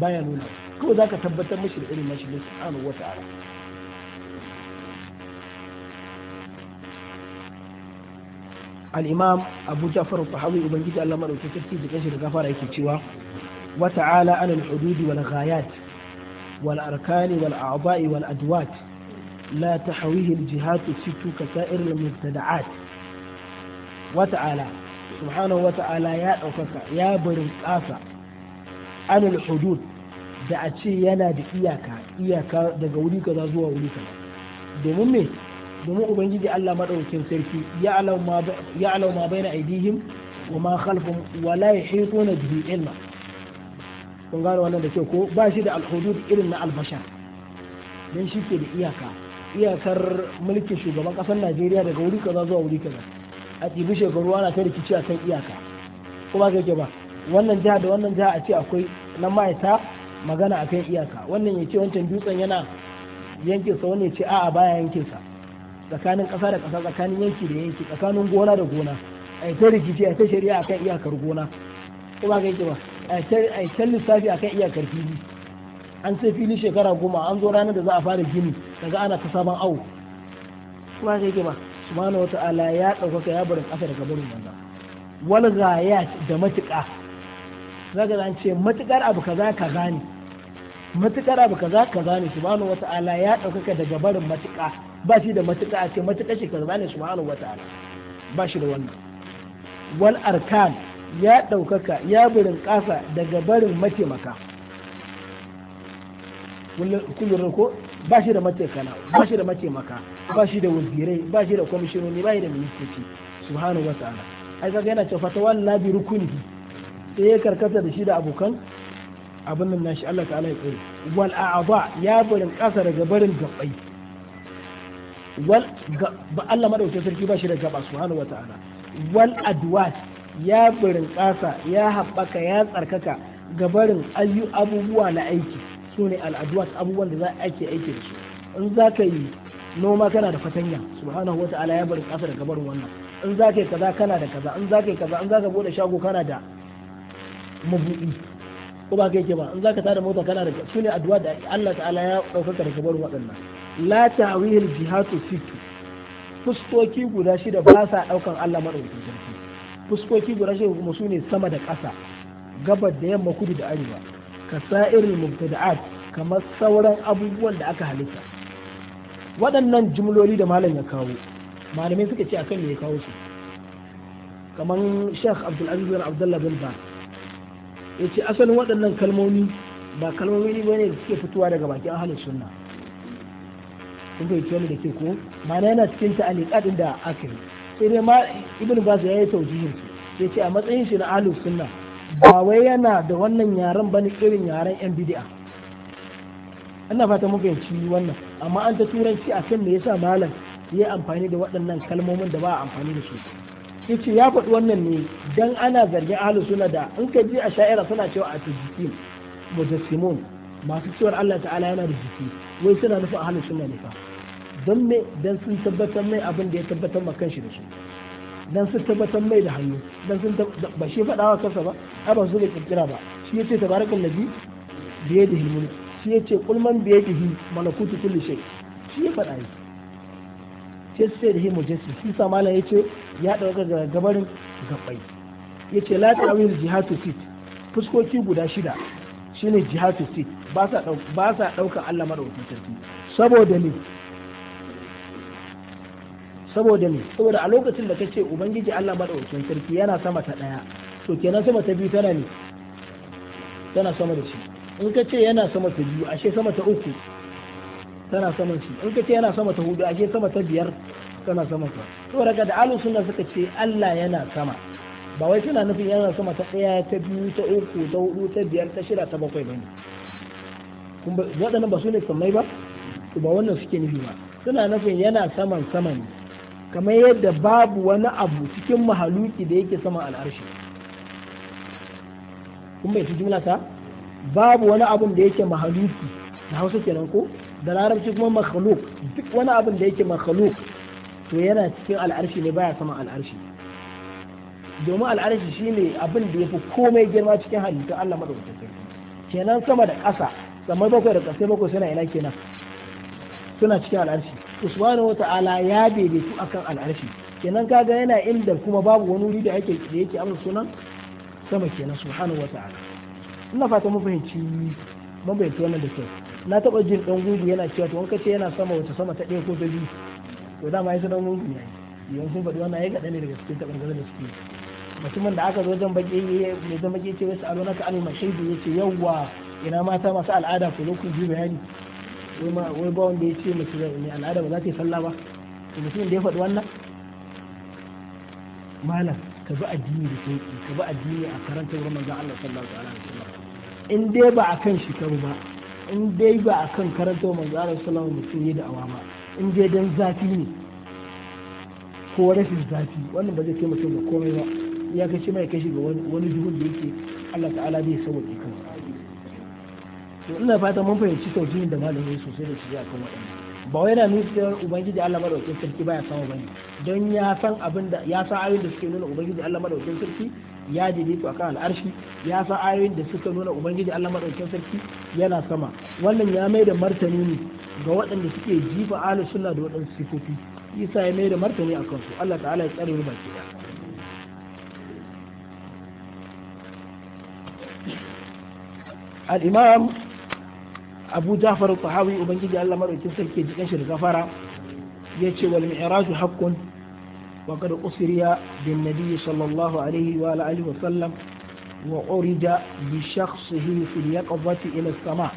baya nuna kawai zaka tabbatar mishi da irin mashi ne subhanahu wa ta'ala al-imam Abu Ja'far al ubangiji Allah madaukakin sarki da kanshi da gafara yake cewa وتعالى على الحدود والغايات والأركان والأعضاء والأدوات لا تحويه الجهات الست كسائر المبتدعات وتعالى سبحانه وتعالى يا أوكاكا يا برن قاسا الحدود da a ce yana da iyaka iyaka daga wuri kaza zuwa wuri kaza domin me domin ubangiji Allah madaukakin sarki ya alau ma baina aidihim wa ma khalfum wa la yahituna bihi ilma kun gano wannan da kyau ko ba shi da alhudud irin na albashar don shi ke da iyaka iyakar mulkin shugaban kasar najeriya daga wuri kaza zuwa wuri kaza a ɗibi shekaru ana ta rikici a kan iyaka kuma ba kake ba wannan jiha da wannan jiha a ce akwai na ma'aita magana akan iyaka wannan ya ce wancan dutsen yana yankin sa wani ya ce a'a baya yankin sa tsakanin kasa da kasa tsakanin yanki da yanki tsakanin gona da gona a ta rikici a ta shari'a akan iyakar gona kuma ba kake ba a can lissafi akan iyakar fili an sai fili shekara goma an zo ranar da za a fara gini daga ana ta sabon awo kuma sai ke ba wata ala ya ɗaukaka ya barin ƙasa daga barin banza wani ghayat da matuƙa zaka an ce matuƙar abu kaza kaza ne matuƙar abu kaza kaza ne wata ala ya ɗaukaka daga barin matuƙa ba shi da matuƙa a ce matuƙa shi kaza ne wata ala ba shi da wannan wal arkan ya ɗaukaka ya birin ƙasa daga barin mataimaka kullum ko ba shi da mataimaka ba shi da mataimaka ba shi da wazirai ba shi da kwamishinoni ba shi da ministoci subhanahu wa ta'ala ai kaga yana cewa fatawa la bi rukunihi sai ya karkata da shi da abokan abin nan nashi Allah ta'ala ya tsare wal a'aba ya barin ƙasa daga barin gabbai wal Allah madaukakin sarki ba shi da gaba subhanahu wa ta'ala wal adwat ya birin ƙasa ya haɓaka ya tsarkaka gabarin abubuwa na aiki su ne al'adu abubuwan da za a ake aiki da su in za ka yi noma kana da fatanya subhanahu wa ta'ala ya birin ƙasa daga barin wannan in za ka yi kaza kana da kaza in za ka yi kaza in za ka bude shago kana da mabuɗi ko ba ka yake ba in za ka tada mota kana da su ne addu'a da Allah ta'ala ya ɗaukaka daga barin waɗannan la ta'wil jihatu sittu fustoki guda shida ba sa ɗaukan Allah maɗaukakin fuskoki guda shi kuma su ne sama da ƙasa gabar da yamma kudu da arewa ka sa'irin mubtada'at kamar sauran abubuwan da aka halitta waɗannan jumloli da malam ya kawo malamai suka ce akan ne ya kawo su kamar Sheikh Abdul Aziz bin Abdullah bin Ba ya ce asalin waɗannan kalmomi ba kalmomi ne bane da suke fitowa daga bakin suna. sunna kun fahimci wani da ke ko ma'ana yana cikin ta a da aka yi sai dai ma ibn bas ya yi taujihin sai ce a matsayin shi na ahlus sunna ba wai yana da wannan yaren bane irin yaren yan bidi'a. ina fata mu fahimci wannan amma an ta turanci a kan me yasa malam ya amfani da waɗannan kalmomin da ba a amfani da su yace ya faɗi wannan ne dan ana zargin ahlu sunna da in ka ji a sha'ira suna cewa a tajikin mujassimun masu cewar Allah ta'ala yana da jiki wai suna nufin ahlus sunna ne fa don me don sun tabbatar mai abin da ya tabbatar ma kanshi da su dan sun tabbatar mai da hannu dan sun ba shi faɗa wa kansa ba a ba su da kirkira ba shi ya ce tabarakan nabi da da mulk shi yace qul man bi hi malakutu kulli shay shi ya faɗa yi sai sai da himu jinsi shi sa malam yace ya ɗauka ga gabarin gabai yace la ta'wil jihatu sit fuskoki guda shida shine jihatu sit ba sa ɗauka Allah madaukakin sarki saboda ne saboda me saboda a lokacin da kace ubangiji Allah madaukakin sarki yana sama ta daya to kenan sama ta biyu tana ne tana sama da shi in ka ce yana sama ta biyu ashe sama ta uku tana sama shi in ka ce yana sama ta hudu ashe sama ta biyar tana sama ta to daga da alu sunna suka ce Allah yana sama ba wai suna nufin yana sama ta daya ta biyu ta uku ta hudu ta biyar ta shida ta bakwai bane waɗannan ba su ne sammai ba ba wannan suke nufi ba suna nufin yana saman saman ne kamar yadda babu wani abu cikin mahaluki da yake sama al'arshi kun bai jimla ta babu wani abun da yake mahaluki da hausa kenan ko da larabci kuma makhluk duk wani abun da yake makhluk to yana cikin al'arshi ne baya sama al'arshi domin al'arshi shine abin da yafi komai girma cikin halittun Allah madaukakin kenan sama da ƙasa sama bakwai da ƙasa bakwai suna ina kenan suna cikin al'arshi subhanahu wata'ala ya daidaitu akan al'arshi kenan kaga yana inda kuma babu wani wuri da yake da yake amsa sunan sama kenan subhanahu ta'ala ina fata mun fahimci mun fahimci wannan da kyau na taba jin dan gugu yana cewa to wanka ce yana sama wata sama ta ɗaya ko ta biyu to dama yasa dan gugu ne yanzu sun faɗi wannan ya ga ne daga cikin tabargalar da suke mutumin da aka zo wajen baƙi mai zama ke ce wasu alonaka shaidu ya ce yawwa ina mata masu al'ada ku zo ku ji bayani wai ba wanda ya ce mace mai al'ada ba za ta yi sallah ba to mutumin da ya faɗi wannan malam ka bi addini da sauki ka bi addini a karanta wurin manzon Allah sallallahu alaihi wasallam in dai ba akan shekaru ba in dai ba akan karanta manzon Allah sallallahu alaihi wasallam da awa ba in dai dan zafi ne ko rashin zafi wannan ba zai taimaka mutum da komai ba ya kace mai kashi ga wani duhun da yake Allah ta'ala bai sauke kansa to ina fata mun fahimci tauhidin da malami sosai da shi akan waɗannan ba wai yana nufin ubangiji Allah madaukakin sarki baya san bane don ya san abin da ya san ayoyin da suke nuna ubangiji Allah madaukakin sarki ya su akan al'arshi ya san ayoyin da suka nuna ubangiji Allah madaukakin sarki yana sama wannan ya mai da martani ne ga waɗanda suke jifa ahlus sunna da waɗansu sifofi isa ya mai da martani a kansu Allah ta'ala ya tsare baki al-imam abu jafar tahawi ubangiji allah maɗaukin sarki jikin shi da gafara ya ce wal mi'raju haqqun wa qad usriya bin nabiy sallallahu alaihi wa alihi wa sallam wa urida bi shakhsihi fi yaqbati ila as-sama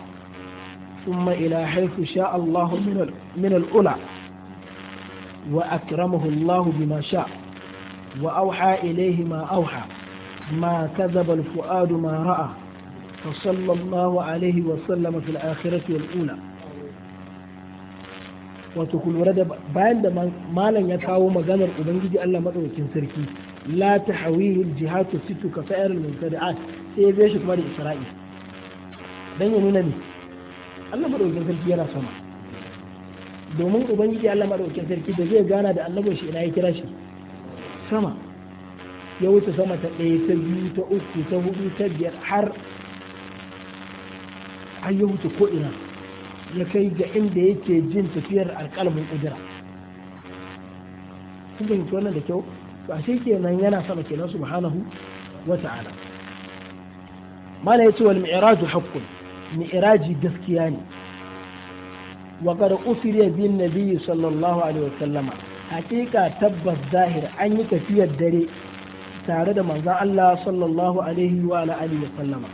thumma ila haythu sha'a allah ula wa akramahu allah bima wa awha ilayhi ma awha ma kadhaba al-fuad ma ra'a وصلى الله عليه وسلم في الآخرة والأولى wato ku lura da bayan da malam ya kawo maganar ubangiji Allah madaukakin sarki la da ya nuna ne Allah sarki yana sama domin ubangiji Allah madaukakin sarki da zai gana da annabin shi ina ya kira shi sama ya wuce sama ta ɗaya ta biyu ta uku ta hudu ta biyar har har ya wuce ko ina ya kai ga inda yake jin tafiyar alƙalamin ƙudura kun fahimci wannan da kyau ba shi kenan yana sama kenan subhanahu wa ta'ala mala yace wal mi'raju haqqun mi'raji gaskiya ne wa qad usriya bin nabiy sallallahu alaihi wa sallama hakika tabbas zahir an yi tafiyar dare tare da manzon Allah sallallahu alaihi wa alihi wa sallama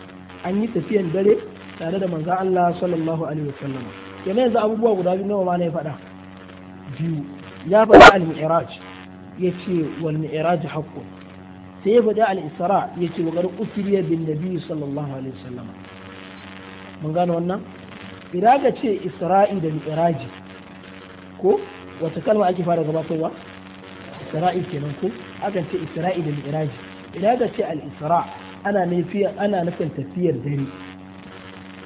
an yi tafiyar dare tare da manzon Allah sallallahu alaihi wasallam kenan yanzu abubuwa guda biyu nawa ma ne faɗa biyu ya faɗa al-mi'raj yace wal mi'raj haqqun sai ya faɗa al-isra yace wa gar usriya bin nabi sallallahu alaihi wasallam mun gano wannan idan ka ce isra'i da mi'raji ko wata kalma ake fara gabatarwa isra'i kenan ko akan ce isra'i da mi'raji idan ka ce al-isra ana nufin ana nufin tafiyar dare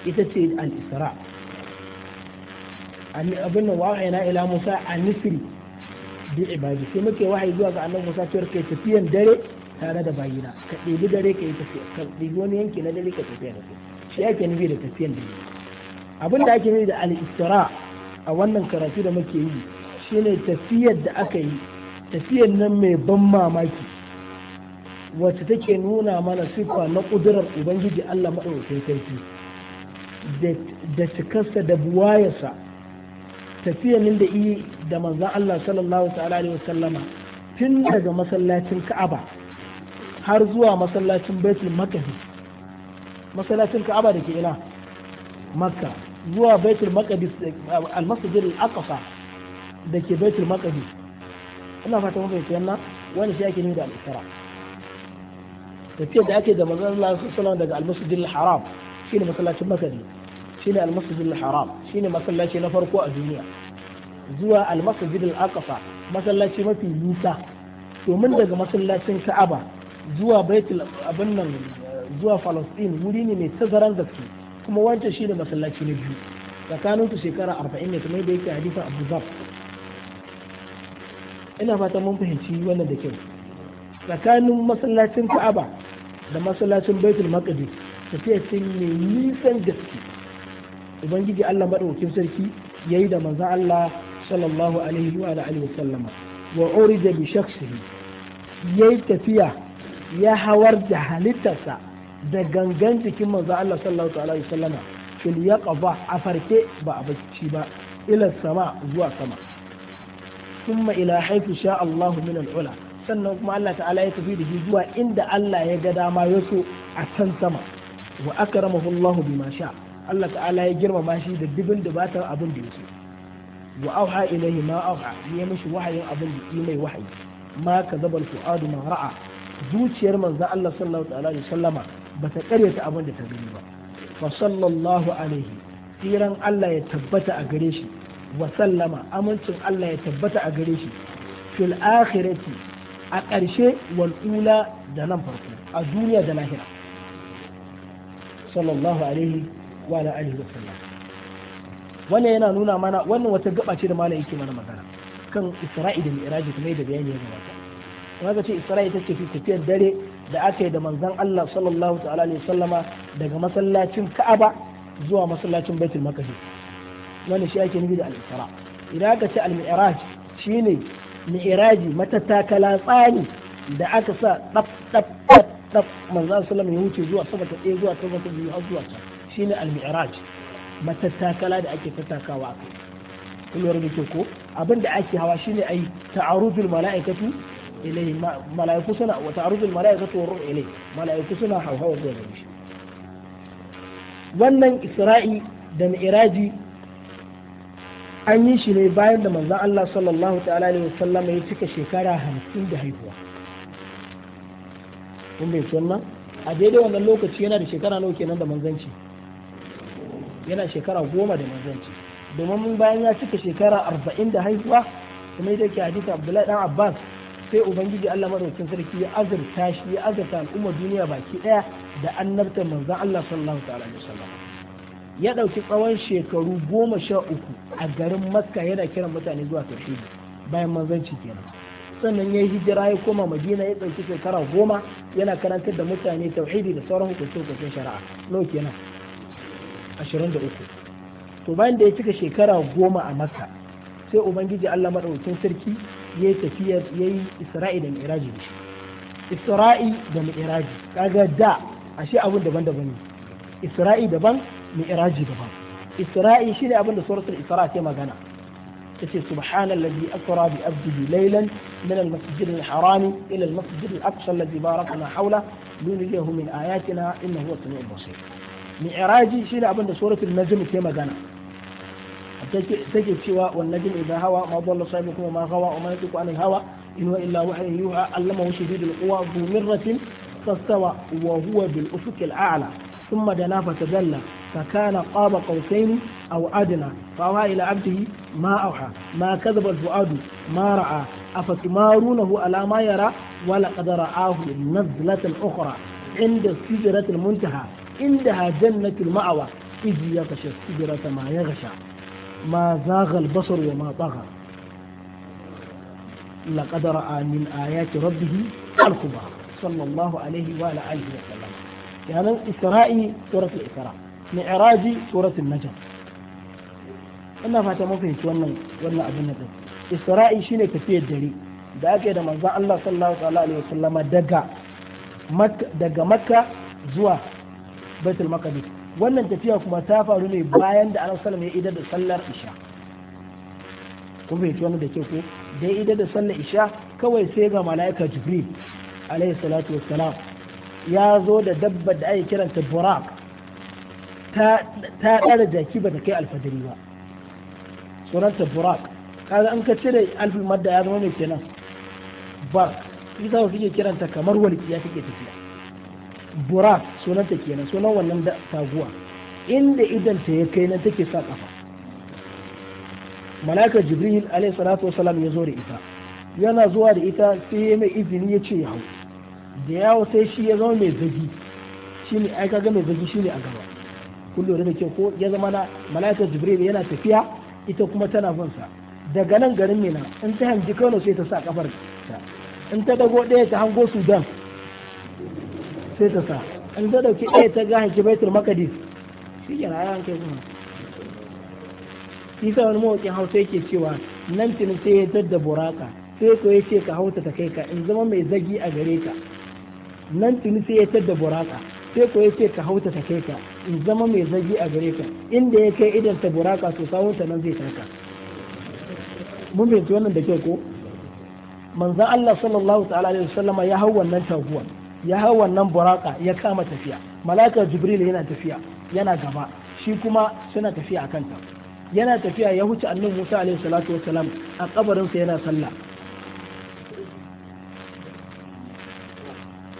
ita ce al-isra abin nan wahayana ila musa a nisri bi ibadi sai muke wahayi zuwa ga annabi musa cewar kai tafiyan dare tare da bayina ka ɗebi dare ka yi tafiya ka ɗebi wani yanki na dare ka tafiya da shi ake nufi da tafiyan dare abin da ake nufi da al-isra a wannan karatu da muke yi shine tafiyar da aka yi tafiyar nan mai ban mamaki wacce take nuna mana siffa na ƙudurar ubangiji Allah maɗaukakin sarki da cikarsa da buwayarsa tafiya min da yi da manzan Allah sallallahu ta'ala alaihi wasallama tun daga masallacin Ka'aba har zuwa masallacin Baitul Maqdis masallacin Ka'aba da ke ina Makka zuwa Baitul Maqdis al al-Aqsa da ke Baitul Maqdis ina fata mun fahimci wannan wani shi ake nuna da al-Isra tafiyar da ake da manzan Allah sallallahu alaihi wasallam daga al al-Haram shine masallacin Makari shine almasjidil haram shine masallaci na farko a duniya zuwa almasjidil aqsa masallaci mafi nisa domin daga masallacin ka'aba zuwa baitul abin nan zuwa falastin wuri ne mai tazaran gaske kuma wancan shine masallaci na biyu tsakanin su shekara arba'in ne kamar da yake hadisin abu zaf ina fatan mun fahimci wannan da kyau tsakanin masallacin ka'aba da masallacin baitul maqdis tafiya ce mai nisan gaske ubangiji Allah madaukakin sarki yayi da manzon Allah sallallahu alaihi wa alihi wasallam wa urija bi shakhsihi yayi tafiya ya hawar da halittarsa da gangan jikin manzon Allah sallallahu alaihi wasallam fil yaqba a ba a bacci ba ila sama zuwa sama ila إلى sha شاء min al العلا sannan kuma Allah ta'ala ya tafi da shi zuwa inda Allah ya ga dama ya so a can sama wa akramahu Allah bima sha Allah ta'ala ya girmama shi da dibin da batar abin da yake wa auha ilayhi ma auha ya mishi wahayin abin da mai wahayi ma kazaba al-fuadu ma ra'a zuciyar manzo Allah sallallahu alaihi wasallama bata karyata abin da ta gani ba fa sallallahu alaihi tsiran Allah ya tabbata a gare shi wa sallama amincin Allah ya tabbata a gare shi fil akhirati a ƙarshe wal ula da nan farko a duniya da lahira sallallahu alaihi wa ala alihi wa sallam wannan yana nuna mana wannan wata gaba ce da malam yake mana magana kan isra'i da mi'raji kuma da bayani ya gabata ce isra'i take fi tafiyar dare da aka yi da manzon Allah sallallahu ta'ala alaihi sallama daga masallacin Ka'aba zuwa masallacin Baitul Maqdis wannan shi ake nufi da al-isra idan aka ce al-mi'raj shine mi'raji matattakala tsani da aka sa dab tsaf manzo sallam ya wuce zuwa sama ta ɗaya zuwa sama ta biyu har zuwa can shine al-mi'raj matattakala da ake tattakawa a kai kun lura da ko abin da ake hawa shine ai ta'arudul mala'ikatu ilayhi mala'iku suna wa ta'arudul mala'ikatu wa ruh ilayhi mala'iku suna hawhawa zuwa gare shi wannan isra'i da mi'raji an yi shi ne bayan da manzon Allah sallallahu ta'ala alaihi wasallam ya cika shekara 50 da haihuwa kun bai sunna a daidai wannan lokaci yana da shekara nawa kenan da manzanci yana shekara goma da manzanci domin mun bayan ya cika shekara arba'in da haihuwa kuma ita ke hadisa abdullahi dan abbas sai ubangiji allah madaukakin sarki ya azurta shi ya azurta al'ummar duniya baki daya da annabta manzan allah sallallahu alaihi wasallam ya dauki tsawon shekaru goma sha uku a garin makka yana kiran mutane zuwa tafsiri bayan manzanci kenan sannan ya hijira ya koma madina ya ɗauki shekara goma yana karantar da mutane tauhidi da sauran hukuncin shari'a nau kenan ashirin da uku to bayan da ya cika shekara goma a masa sai ubangiji allah maɗaukin sarki ya yi tafiyar ya yi isra'i da mi'iraji da shi isra'i da mi'iraji kaga da ashe abin daban-daban ne isra'i daban mi'iraji daban isra'i shine abin da suratul isra ke magana تتي سبحان الذي أسرى بأبده ليلا من المسجد الحرام إلى المسجد الأقصى الذي باركنا حوله لنريه من آياتنا إنه هو السميع البصير معراجي شيء أبن سورة النجم كما جنا تجد سوى والنجم إذا هوى ما ضل صاحبكم وما غوى وما يترك عن الهوى إن هو إلا وحي يوحى علمه شديد القوى ذو مرة فاستوى وهو بالأفق الأعلى ثم دنا فتدلى فكان قاب قوسين أو أدنى فأوحى إلى عبده ما أوحى ما كذب الفؤاد ما رأى أفتمارونه على ما يرى ولقد رآه نزلة أخرى عند السجره المنتهى عندها جنة المأوى إذ يغشى السدرة ما يغشى ما زاغ البصر وما طغى لقد رأى من آيات ربه الكبرى صلى الله عليه وعلى آله وسلم يعني إسرائي سورة الإسراء mi'raji suratul najm ina fata mun fahimci wannan wannan abin nan isra'i shine tafiyar dare da ake yi da manzon Allah sallallahu alaihi wasallam daga daga makka zuwa baitul maqdis wannan tafiya kuma ta faru ne bayan da annabi sallallahu ya idar da sallar isha kun fahimci wannan da ke ko da ya idar da sallar isha kawai sai ga mala'ika jibril alaihi salatu wassalam ya zo da dabba da ake kiranta burak ta ɗara jaki ba ta kai alfadari ba sunanta burak kaga an ka cire alfil madda ya zama mai kenan bar ita suke kiranta kamar walƙiya take tafiya burak sunanta kenan sunan wannan taguwa inda idan ta ya kai na take sa kafa malaka jibril alaihi salatu wasalam ya zo da ita yana zuwa da ita sai ya mai izini ya ce ya hau da yawo sai shi ya zama mai zagi shine ai ga mai zagi shine a gaba kullum da nake ko ya zama na mala'ika jibril yana tafiya ita kuma tana bin sa daga nan garin mina in ta hanji kano sai ta sa kafar ta in ta dago ɗaya ta hango sudan sai ta sa in ta dauki ɗaya ta ga hanji baitul makadis shi ke rayuwa an kai kuma isa wani mawakin hausa yake cewa nan tuni sai ya dadda buraka sai ko ya ce ka hauta ta kai ka in zama mai zagi a gare ka nan tuni sai ya tadda buraka sai ko yace ka hauta ta kai ka in zama mai zagi a gare ka inda ya kai idan ta buraka to sawun ta nan zai taka mun fahimci wannan da kyau ko manzon Allah sallallahu ta'ala alaihi wasallama ya hau wannan taguwa ya hau wannan buraka ya kama tafiya malaka jibril yana tafiya yana gaba shi kuma suna tafiya akan ta yana tafiya ya huce annabi Musa alaihi salatu wassalam a kabarin sa yana sallah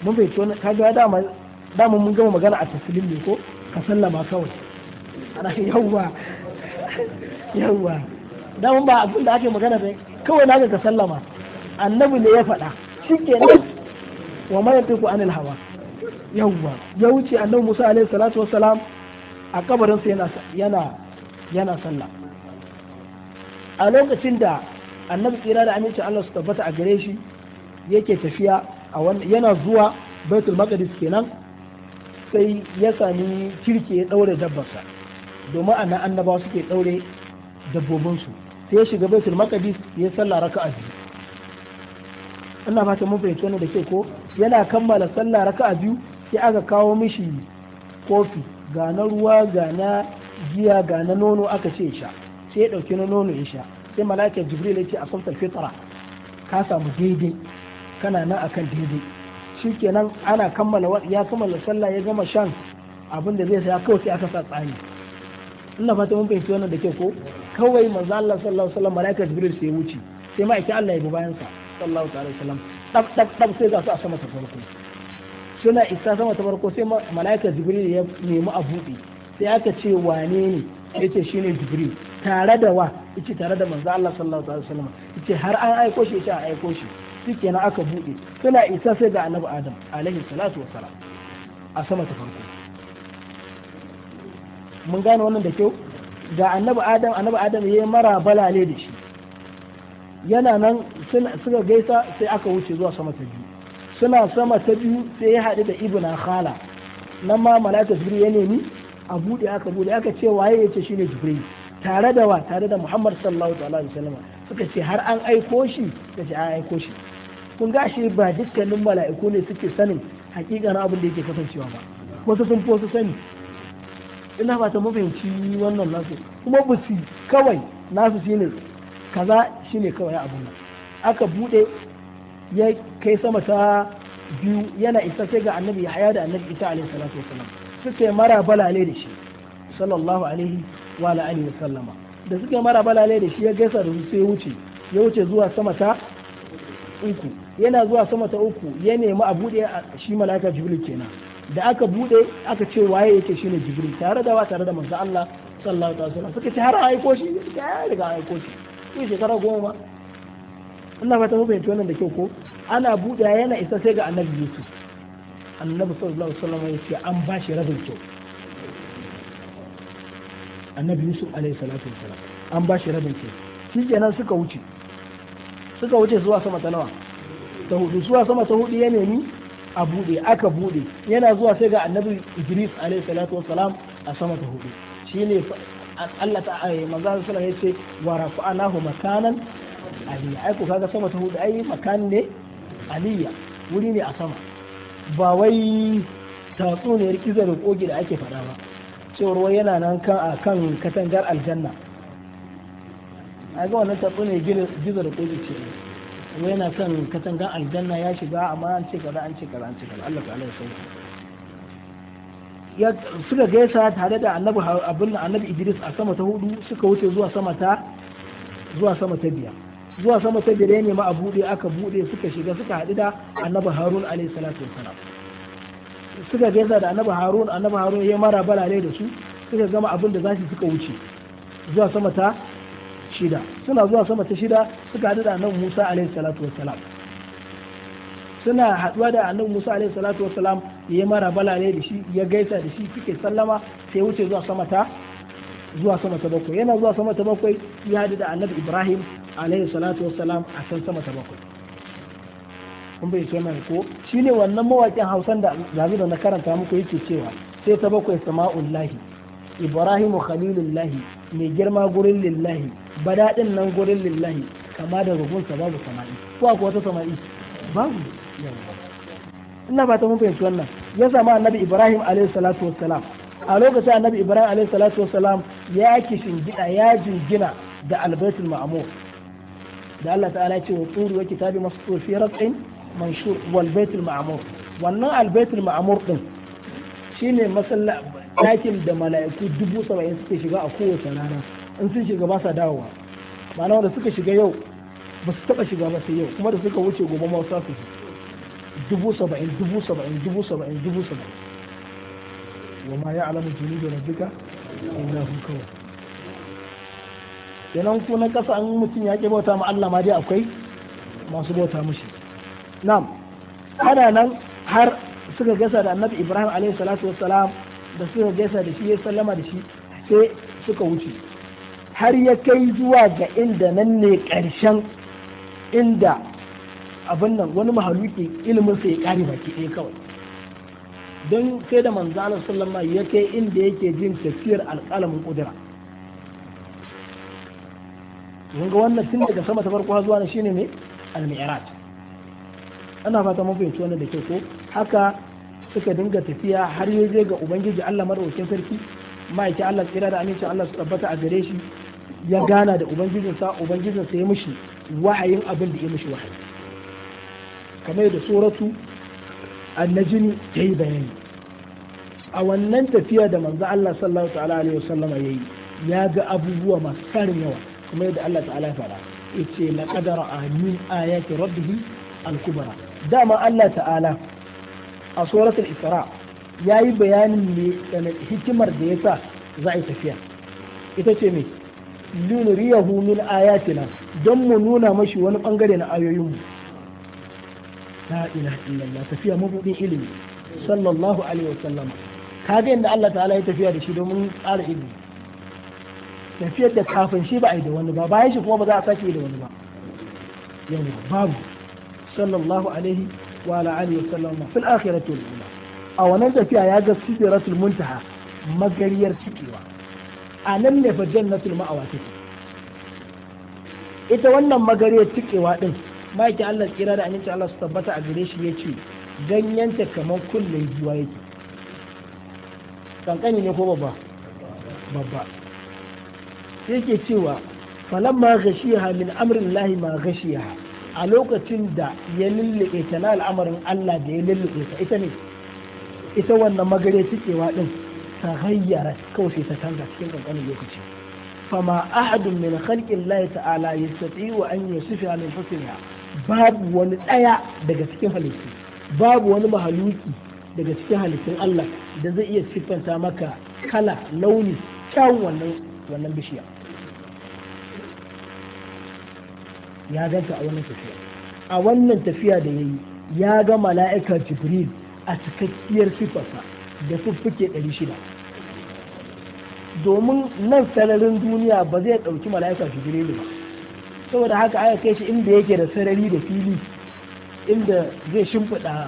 mun bai tona kaga dama dama mun gama magana a taslim ne ko ka sallama kawai ana yawwa yawwa dama ba abin da ake magana bai kawai na ka sallama annabi ne ya faɗa shikenan wa ma teku an hawa yawwa ya wuce annabi Musa alaihi salatu wa salam a kabarinsa yana yana yana sallah a lokacin da annabi tsira da amincin Allah su tabbata a gare shi yake tafiya a wannan yana zuwa baitul maqdis kenan sai ya sami kirki ya ɗaure dabbarsa domin ana nan annabawa suke ɗaure dabbobinsu sai ya shiga baitul makadis ya salla raka'a biyu ana fata mun fahimci wannan da ke ko yana kammala sallah raka'a biyu sai aka kawo mishi kofi ga na ruwa ga na giya ga na nono aka ce sha sai ya ɗauki na nono ya sha sai mala'ikar jibril ya ce a sautar fitra ka samu daidai kana nan akan daidai shikenan ana kammala ya kammala sallah ya gama shan abin da zai saya kawai sai aka sa tsani ina fata mun fahimci wannan da ke ko kawai manzo Allah sallallahu alaihi wasallam malaika jibril sai wuce sai ma aiki Allah ya bi bayan sa sallallahu alaihi wasallam dab dab dab sai za su a sama ta farko suna isa sama ta farko sai malaika jibril ya nemi a buɗe sai aka ce wane ne yace shine jibril tare da wa yace tare da manzo Allah sallallahu alaihi wasallam yace har an aiko shi yace an aiko shi suke na aka buɗe suna isa sai ga annabi adam alaihi salatu wassalam a sama ta farko mun gane wannan da kyau ga annabi adam annabi adam yayi mara balale da shi yana nan suka gaisa sai aka wuce zuwa sama ta biyu suna sama ta biyu sai ya haɗu da ibna khala nan ma malaka jibril ya nemi a buɗe aka buɗe aka ce waye ya shine jibril tare da wa tare da muhammad sallallahu alaihi wasallam suka ce har an aiko shi ta ce an aiko shi kun ga shi ba dukkanin mala'iku ne suke sanin hakika na abin da yake kasancewa ba wasu sun fi wasu sani ina ba ta mafahimci wannan nasu kuma ba su kawai nasu shine kaza shine kawai abun nan aka bude ya kai sama ta biyu yana isa sai ga annabi haya da annabi isa alaihi salatu wasallam suka yi mara balale da shi sallallahu alaihi wa alihi wa sallama da suke yi mara balale da shi ya gaisa da su sai wuce ya wuce zuwa sama ta uku yana zuwa sama ta uku ya nemi a buɗe shi malaka jibril kenan da aka buɗe aka ce waye yake shine jibril tare da wa tare da manzo Allah sallallahu alaihi wasallam suka ce har aiko shi ya riga aiko shi shi shekara goma Allah ba ta mu fahimci wannan da kyau ko ana buɗe yana isa sai ga annabi Yusuf annabi sallallahu alaihi wasallam ya ce an ba shi rabin kyau annabi Yusuf alaihi salatu wasallam an ba shi rabin kyau shi kenan suka wuce suka wuce zuwa sama ta nawa ta hudu zuwa sama ta hudu ya nemi a bude aka bude yana zuwa sai ga annabi Idris alayhi salatu wassalam a sama ta hudu shine Allah ta ayi eh, manzo sallallahu alaihi yace wa rafa'anahu makanan aliyya ai ko kaga sama ta hudu ai makan ne aliyya wuri ne a sama ba wai tatsuniyar kizo da kogi da ake faɗa ba cewar wai yana nan kan a kan katangar aljanna a ga wannan tatsuniyar gizo da kogi ce kuma yana son katangan aljanna ya shiga amma an ce kaza an ce kaza an ce kaza Allah ta ya sauke ya suka gaisa tare da annabi abin annabi Idris a sama ta hudu suka wuce zuwa sama ta zuwa sama ta biyar zuwa sama ta biyar ne ma a bude aka bude suka shiga suka haɗu da annabi Harun alaihi salatu wasalam suka gaisa da annabi Harun annabi Harun ya mara balale da su suka gama abin da za suka wuce zuwa sama ta shida suna zuwa sama ta shida suka haɗu da annabi Musa alaihi salatu wassalam suna haɗuwa da annabi Musa alaihi salatu wassalam ya mara ne da shi ya gaisa da shi suke sallama sai wuce zuwa sama ta zuwa sama ta bakwai yana zuwa sama ta bakwai ya haɗu da annabi Ibrahim alaihi salatu wassalam a san sama ta bakwai kun bai kenan ko shine wannan mawaƙin Hausan da zazu da na karanta muku yake cewa sai ta bakwai sama'ullahi ibrahimu khalilullahi mai girma gurin lillahi badadin nan gurin lillahi kama da rukunsa babu sama'i ko akwai wata sama'i babu ina ba ta mun fahimci wannan ya sama annabi ibrahim alaihi salatu wassalam a lokacin annabi ibrahim alaihi salatu wassalam ya kishin gida ya jingina da albaitul ma'mur da Allah ta'ala ya ce wa turi wa kitabi mastur fi raqin manshur wal baitul ma'mur wannan albaitul ma'mur din shine masallaci ɗakin da mala'iku dubu saba'in suke shiga a kowace rana in sun shiga ba sa dawowa ma'ana da suka shiga yau ba su taɓa shiga ba sai yau kuma da suka wuce gobe ma wasu su dubu saba'in dubu saba'in dubu saba'in dubu saba'in wa ma ya alamu jini da rabbika illa hu kawai kenan ku na kasa an mutum ya ke bauta ma Allah ma dai akwai masu bauta mushi na'am ana nan har suka gasa da annabi Ibrahim alaihi salatu wassalam da suka gaisa da shi ya sallama da shi sai suka wuce har ya kai zuwa ga inda nan ne ƙarshen inda abin nan wani mahaluki ilimin sai ya ƙare baki ɗaya kawai don sai da manzana sallama ya kai inda yake jin tafiyar alƙalamin ƙudura ga wannan tun daga sama ta farko zuwa na shine ne al-mi'raj ana fata mun fahimci wannan da ke ko haka suka dinga tafiya har ya zai ga ubangiji Allah madaukakin sarki ma'aikin Allah tsira da aminci Allah su tabbata a gare shi ya gana da ubangijin sa ya mishi wahayin abin da ya mishi wahayi kamar da suratu annajin ta yi bayani a wannan tafiya da manzo Allah sallallahu ta'ala alaihi wasallama yayi ya ga abubuwa masu tsarin yawa kamar yadda Allah ta'ala ya fara yace laqad ra'a min ayati rabbihi al-kubra dama Allah ta'ala a suratul isra ya yi bayanin ne hikimar da ya sa za a yi tafiya ita ce mai linuriyahu min ayatina don mu nuna mashi wani bangare na ayoyinmu la ilaha illallah tafiya mabudin ilimi sallallahu alaihi wasallam kaga inda Allah ta'ala ya tafiya da shi domin tsara ilimi tafiyar da kafin shi ba a yi da wani ba bayan shi kuma ba za a sake da wani ba yawa babu sallallahu alaihi wa ala alihi wa sallam fil akhirati wal ula a wannan tafiya ya ga sidratul muntaha magariyar cikewa a nan ne fa jannatul ma'awa take ita wannan magaryar cikewa din ma'aikin Allah kira da aminci Allah su tabbata a gare shi ya ce ganyenta kamar kullum giwa yake kankani ne ko babba yake cewa falamma gashiya min amrin lahi ma a lokacin da ya lullube ta na al'amarin Allah da ya lullube ta ita ne ita wannan magare cikewa din ta hayyara kawai sai ta canza cikin kankanin lokaci fama ahadun min khalqin Allah ta'ala wa an yusifa min fasiha babu wani daya daga cikin halittu babu wani mahaluki daga cikin halittun Allah da zai iya siffanta maka kala launi kyawun wannan bishiya ya ganta a wannan tafiya a wannan tafiya da yayi ya ga mala'ika jibril a cikakkiyar sifarsa da fuffuke 600 domin nan sararin duniya ba zai ɗauki mala'ika jibril ba saboda haka aka kai shi inda yake da sarari da fili inda zai shimfiɗa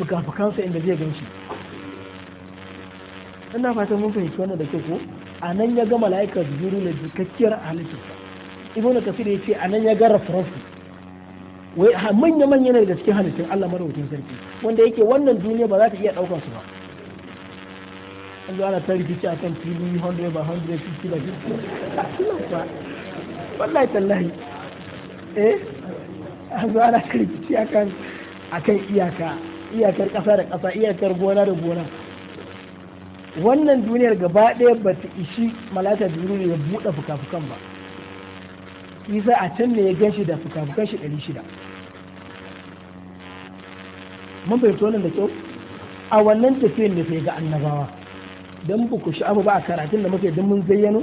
fuka-fukansa inda zai gan shi ina fatan mun fahimci wannan da ke ko a nan ya ga mala'ika jibril da cikakkiyar halittarsa ibn kasir ya ce anan ya ga rafrafi wai manya manya ne da cikin halittun Allah madaukakin sarki wanda yake wannan duniya ba za ta iya daukar su ba an zo ana ta rikici akan fili 100 ba 100 ba da wallahi tallahi eh an zo ana ta rikici akan akan iyaka iyakar ƙasa da ƙasa iyakar gona da gona wannan duniyar gaba ɗaya ba ta ishi malaka duniya ya buɗe fuka-fukan ba isa a can ne ya gan shi da fuka-fukan shi ɗari shida mun bai wannan da kyau a wannan tafiyan ne sai ga annabawa don ba ku sha'abu ba a karatun da muke don mun zayyano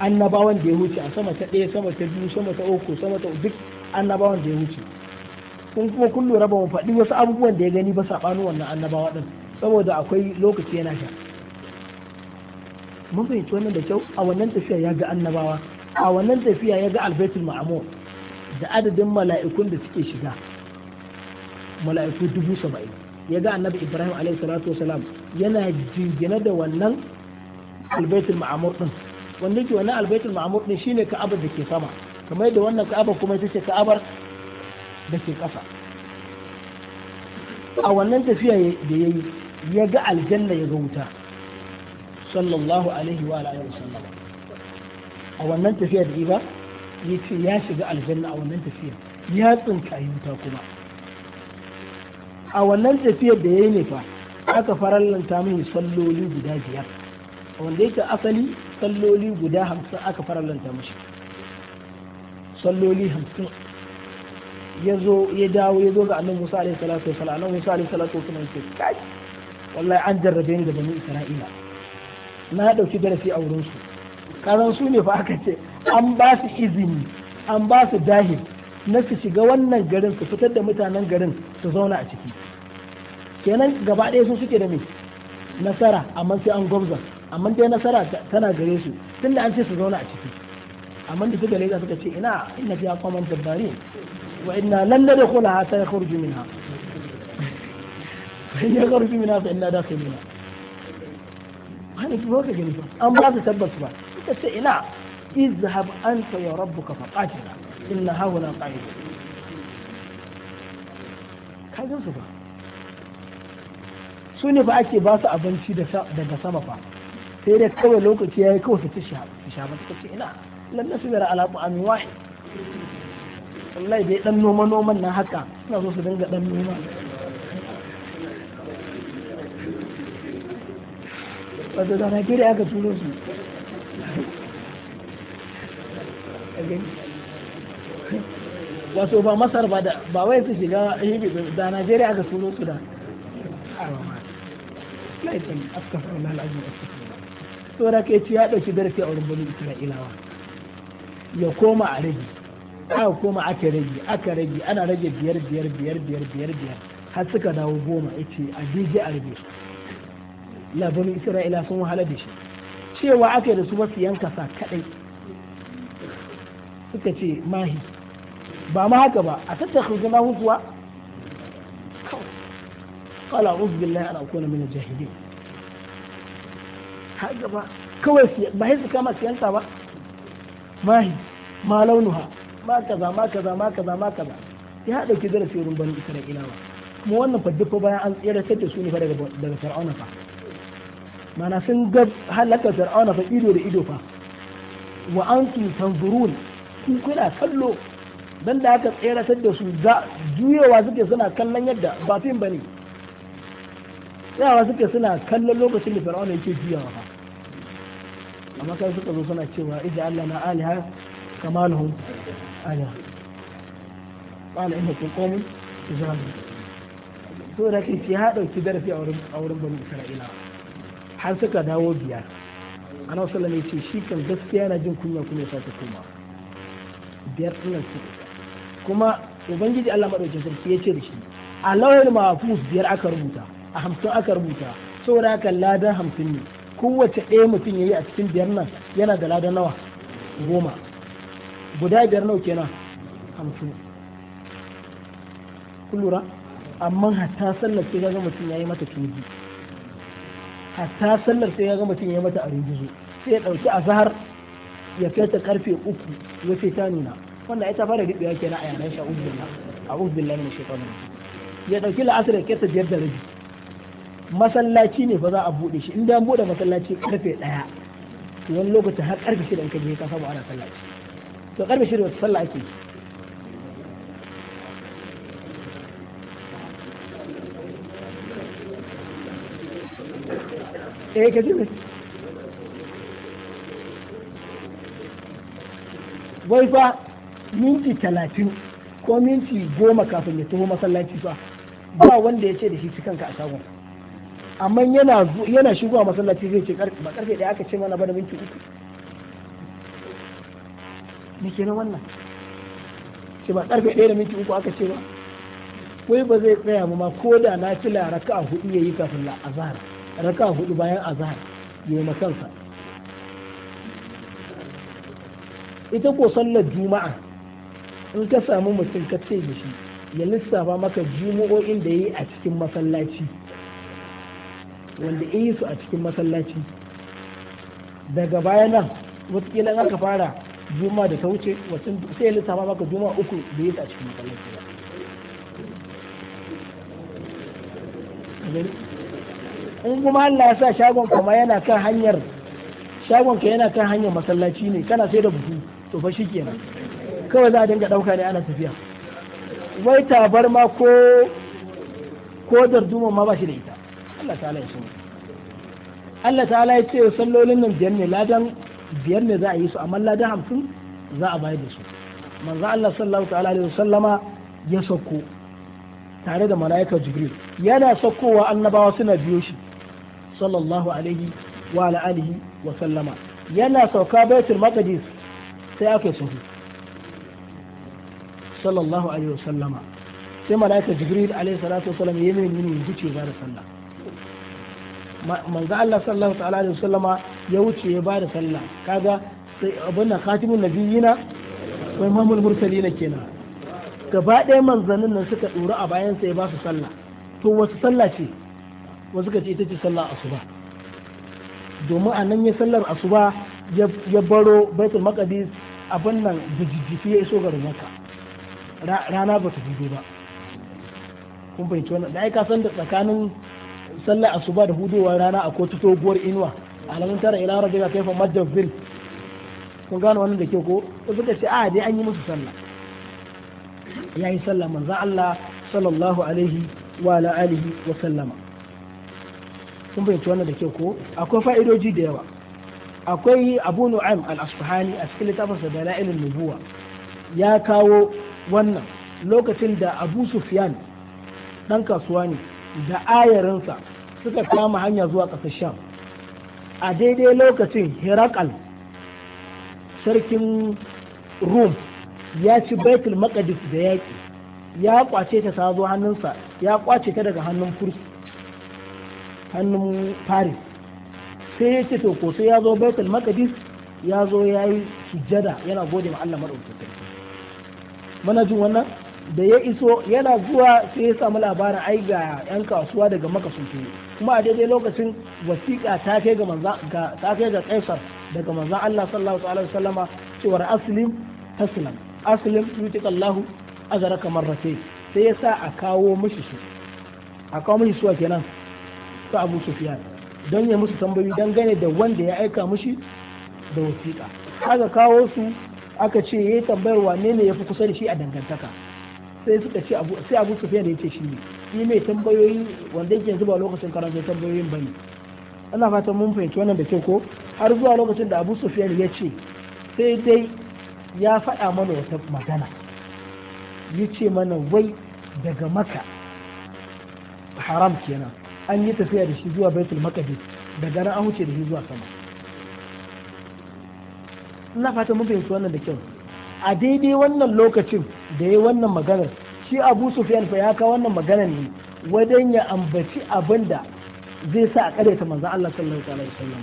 annabawan da ya wuce a sama ta ɗaya sama ta biyu sama ta uku sama ta duk annabawan da ya wuce kun kuma kun lura ba mu faɗi wasu abubuwan da ya gani ba saɓanin wannan annabawa ɗin saboda akwai lokaci yana sha mun bai wannan da kyau a wannan tafiya ya ga annabawa a wannan tafiya ya ga albaitul ma'amur da adadin mala'ikun da suke shiga mala'iku dubu saba'in ya ga annabi ibrahim alaihi salatu wasalam yana jingina da wannan albaitul ma'amur din wanda ke wannan albaitul ma'amur din shine ka'abar da ke sama kamar yadda wannan ka'abar kuma ita ce ka'abar da ke ƙasa a wannan tafiya da ya yi ya ga aljanna ya ga wuta sallallahu alaihi wa alihi wa a wannan tafiyar da ba ya ce ya shiga aljanna a wannan tafiyar ya tsinka wuta kuma a wannan tafiyar da ya yi ne fa aka farallanta mai salloli guda biyar wanda yake asali salloli guda hamsin aka farallanta mashi salloli hamsin ya zo ya dawo ya zo ga annabi Musa alaihi salatu wasallam annabi Musa alaihi salatu wasallam ce kai wallahi an jarrabe ni da bani Isra'ila na dauki darasi a wurin su karan su ne fa aka ce an ba su izini an ba su dahil na su shiga wannan garin su fitar da mutanen garin su zauna a ciki kenan gaba ɗaya su suke da mai nasara amma sai an gwamza amma dai nasara tana gare su tun da an ce su zauna a ciki amma da suka leza suka ce ina ina fiya kwaman dabbari wa ina lan da kula ya sai khuruju minha fa in yakhruju minha fa inna dakhiluna wani ki boka gani fa an ba su tabbas ba suka ce ina izhab anta ya rabbuka qatila inna hawla qa'id ka gan su ba su ne ba ake ba su abinci daga sama fa sai dai kawai lokaci yayi kawai su ci shi sha ba suka ce ina su bira ala ta'amin wahid wallahi dai dan noma noman nan haka suna so su dinga dan noma wato da Najeriya aka turo su gani wato ba masar ba da ba wai su shiga ibi da najeriya aka turo su da laifin askafar lalajin da ke ci ya ɗauki darasi a wurin isra'ilawa ya koma a rage aka koma aka rage aka rage ana rage biyar biyar biyar biyar biyar biyar har suka dawo goma ya ce a jeje a rage labarin isra'ila sun wahala da shi cewa aka yi da su wasu yanka sa kaɗai suka ce mahi ba ma haka ba a tattaka zama hutuwa kala uzu billahi ana kona mina jahili haka ba kawai ba sai su kama siyanta ba mahi ma launuha ma kaza ma kaza ma kaza ma kaza ya dauki darasi wurin bani isra'ilawa kuma wannan fa duk bayan an tseratar da su ne daga daga fir'auna fa mana sun ga halaka fir'auna fa ido da ido fa wa an tun tanzurun sun kuna kallo don da aka tseratar da su za juyewa suke suna kallon yadda ba fim ne tsayawa suke suna kallon lokacin da fir'auna yake juyawa ba, amma kai suka zo suna cewa idza Allah na aliha kamaluhum aliha qala innakum qawmun tuzalimun to da ke ya dauki darasi a wurin a wurin bani isra'ila har suka dawo biyar annabi sallallahu alaihi wasallam ce shi kan gaskiya na jin kunya kuma ya ta kuma. biyar ɗinnan su kuma ubangiji Allah madaukakin sarki ya ce da shi a lauhin mahfuz biyar aka rubuta a hamsin aka rubuta saboda haka ladan hamsin ne kowace ɗaya mutum ya yi a cikin biyar nan yana da ladan nawa goma guda biyar nawa kenan hamsin kun lura amma hatta sallar sai ga mutum ya yi mata tunji hatta sallar sai ga mutum ya yi mata a sai ya ɗauki azhar ya kai ta karfe uku ya ce ta nuna wanda ya fara rubewa kenan a yanayin shi a'udhu a a'udhu billahi minash shaitanir ya dauki la'asar ya kesa biyar da rabi masallaci ne ba za a bude shi inda an bude masallaci karfe ɗaya to wani lokacin har karfe 6 in ka je ka samu ana sallah to karfe 6 wata sallah ake eh ka ji wai fa minti talatin ko minti goma kafin ya taho masallaci fa ba wanda ya ce da shi kanka a shagon amma yana yana shigowa masallaci zai ce ba karfe da aka ce mana ba da minti uku me kenan wannan ce ba karfe ɗaya da minti uku aka ce ba wai ba zai tsaya ma ko da na fila raka a hudu ya yi kafin la azhar raka a hudu bayan azhar ya yi kansa ita ko sallar juma'a in ka samu mutum ka ce da shi ya lissafa maka jumu'o'in da ya yi a cikin masallaci wanda ya yi su a cikin masallaci daga baya nan wataƙila aka fara juma da ta wuce sai ya lissafa maka juma uku da ya yi a cikin masallaci in kuma Allah ya sa shagon kama yana kan hanyar shagon ka yana kan hanyar masallaci ne kana sai da buhu to fa shikenan kawai za a dinga ɗauka ne ana tafiya wai tabar ma ko ko darduma ma ba shi da ita Allah ta'ala ya so Allah ta'ala ya ce sallolin nan biyar ne ladan biyar ne za a yi su amma ladan hamsin za a bayar da su manzo Allah sallallahu ta'ala alaihi wasallama ya sauko tare da mala'ika jibril yana saukowa annabawa suna biyo shi sallallahu alaihi wa alihi wa sallama yana sauka baitul maqdis sai aka yi sufi sallallahu alaihi wasallama sai malaika jibril alaihi salatu wasallam ya mini mini ce ba da sallah manzo Allah sallallahu ta'ala alaihi wasallama ya wuce ya ba da sallah kaga sai abin nan khatimun nabiyina wa imamul mursalin kenan gaba ɗaya manzannin nan suka ɗora a bayan sai ba su sallah to wasu sallah ce wasu suka ce ita ce sallah asuba domin a nan ya sallar asuba ya baro baitul maqdis abin nan bijijjifi ya iso garin makka rana ba ta fito ba kun fahimci wannan da aika san da tsakanin sallar asuba da hudowar rana a kotu toguwar inuwa alamun tara ila rabbi kaifa madafil kun gano wannan da ke ko suka ce a ah, dai an yi musu sallah yayi sallah manzo Allah sallallahu alaihi wa ala alihi wa sallama kun fahimci wannan da ke ko akwai fa'idoji da yawa akwai Abu nu'aim al-Asfahani a cikin littafinsa Dalailun Nubuwa ya kawo wannan lokacin da abu sufyan ɗan kasuwa ne da ayarinsa suka kama hanya zuwa ƙasar sham a daidai lokacin herakal sarkin rum ya ci baitul maqdis da yaƙi ya kwace ta ta zo hannunsa ya kwace ta daga hannun kursi hannun paris sai ya ce to ko sai ya zo baitul maqdis ya zo ya yi sujjada yana gode ma Allah madaukakin muna jin wannan da ya iso yana zuwa sai ya samu labarin ai ga yan kasuwa daga maka sun fi kuma a daidai lokacin wasiƙa ta kai ga manza ga ta kai ga kaisar daga manzon Allah sallallahu alaihi wasallam cewa aslim taslam aslim yutika Allah azraka marrati sai ya sa a kawo mishi su a kawo mishi suwa kenan sa Abu Sufyan don ya musu tambayoyi dangane da wanda ya aika mishi da wasiƙa kaga kawo su aka ce yayi tambayar wane ne ya fi kusa da shi a dangantaka sai suka ce abu sai abu sufiyan ya ce shi ne shi mai tambayoyi wanda yake zuba ba lokacin karanta tambayoyin bane ana fatan mun fahimci wannan da kyau ko har zuwa lokacin da abu sufiyan ya ce sai dai ya faɗa mana wata magana ya ce mana wai daga maka haram kenan an yi tafiya da shi zuwa baitul makadi daga nan an wuce da shi zuwa sama ina fata mun fahimci wannan da kyau a daidai wannan lokacin da ya wannan maganar shi abu sufyan fa ya kawo wannan magana ne wajen ya ambaci abin da zai sa a ta manzon Allah sallallahu alaihi wasallam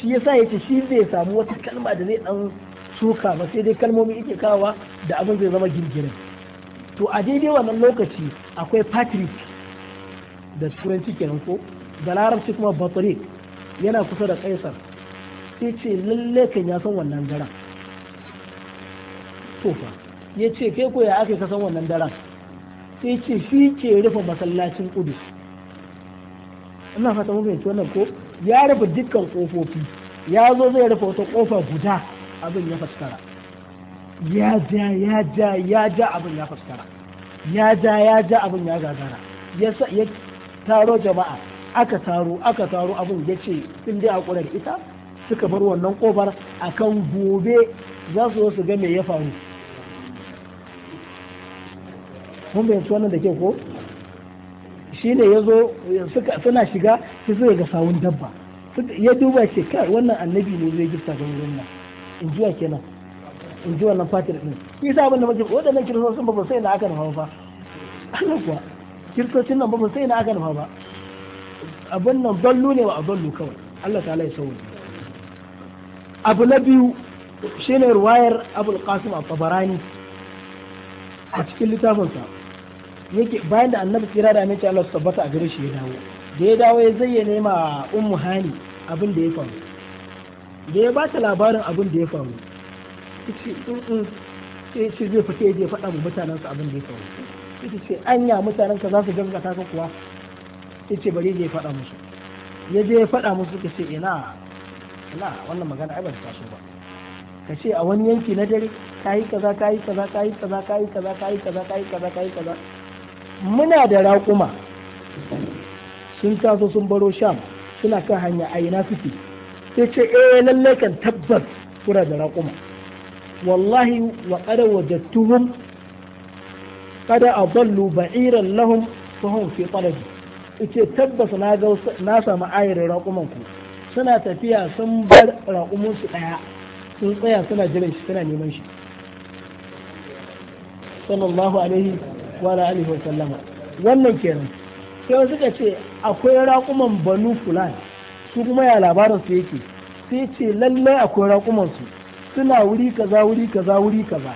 shi yasa yace shi zai samu wata kalma da zai dan suka ba sai dai kalmomi yake kawa da abin zai zama girgire to a daidai wannan lokaci akwai patrick da turanci kenan ko da larabci kuma batrik yana kusa da kaisar sai ce lalle kan ya san wannan daren tofa ya ce ke ko ya aka ka san wannan daren sai ce shi ke rufe masallacin kudu ina fata mu fahimci wannan ko ya rufe dukkan kofofi ya zo zai rufe wata kofa guda abin ya faskara ya ja ya ja ya ja abin ya faskara ya ja ya ja abin ya gagara ya taro jama'a aka taro aka taro abin ya ce sun dai a ita suka bar wannan kofar a kan gobe za su su ga me ya faru mun bayanci wannan da ke ko shi ne ya zo suna shiga su zai ga sawun dabba ya duba ce kai wannan annabi ne zai gifta ga wurin nan in jiwa kenan in ji wannan fatir din shi sa abin da muke waɗannan kiristocin sun babu sai na aka nufa ba Allah kuwa kiristocin nan babu sai na aka nufa ba abin nan ballu ne wa a ballu kawai Allah ta ya sauya abu na biyu ne ruwayar abul qasim a tabarani a cikin littafinsa yake bayan da annabi kira da amince Allah su tabbata a gare shi ya dawo da ya dawo ya zayyane ma ummu hani abin da ya faru da ya bata labarin abin da ya faru mm, mm, sai shi zai fita ya faɗa mu mutanen abin da ya faru ita ce anya mutanen ka za su gaskata ka kuwa ita ce bari ya faɗa musu ya je ya faɗa musu suka ce ina ina wannan magana ai ba ta so ba ka ce a wani yanki na dare kayi kaza kayi kaza kayi kaza kayi kaza kayi kaza kayi kaza kayi kaza muna da raƙuma sun taso sun baro sham suna kan hanya a ina suke sai ce eh lalle kan tabbas kura da raƙuma wallahi wa qada wajadtuhum qada adallu ba'iran lahum fa hum fi talab ce tabbas na samu ayar raƙuman ku suna tafiya sun bar raƙuminsu ɗaya sun tsaya suna jiran shi suna neman shi sallallahu alaihi wa alihi wa sallama wannan kenan sai suka ce akwai raƙuman banu fulani su kuma ya labarin su yake sai ce lallai akwai raƙuman su suna wuri kaza wuri kaza wuri kaza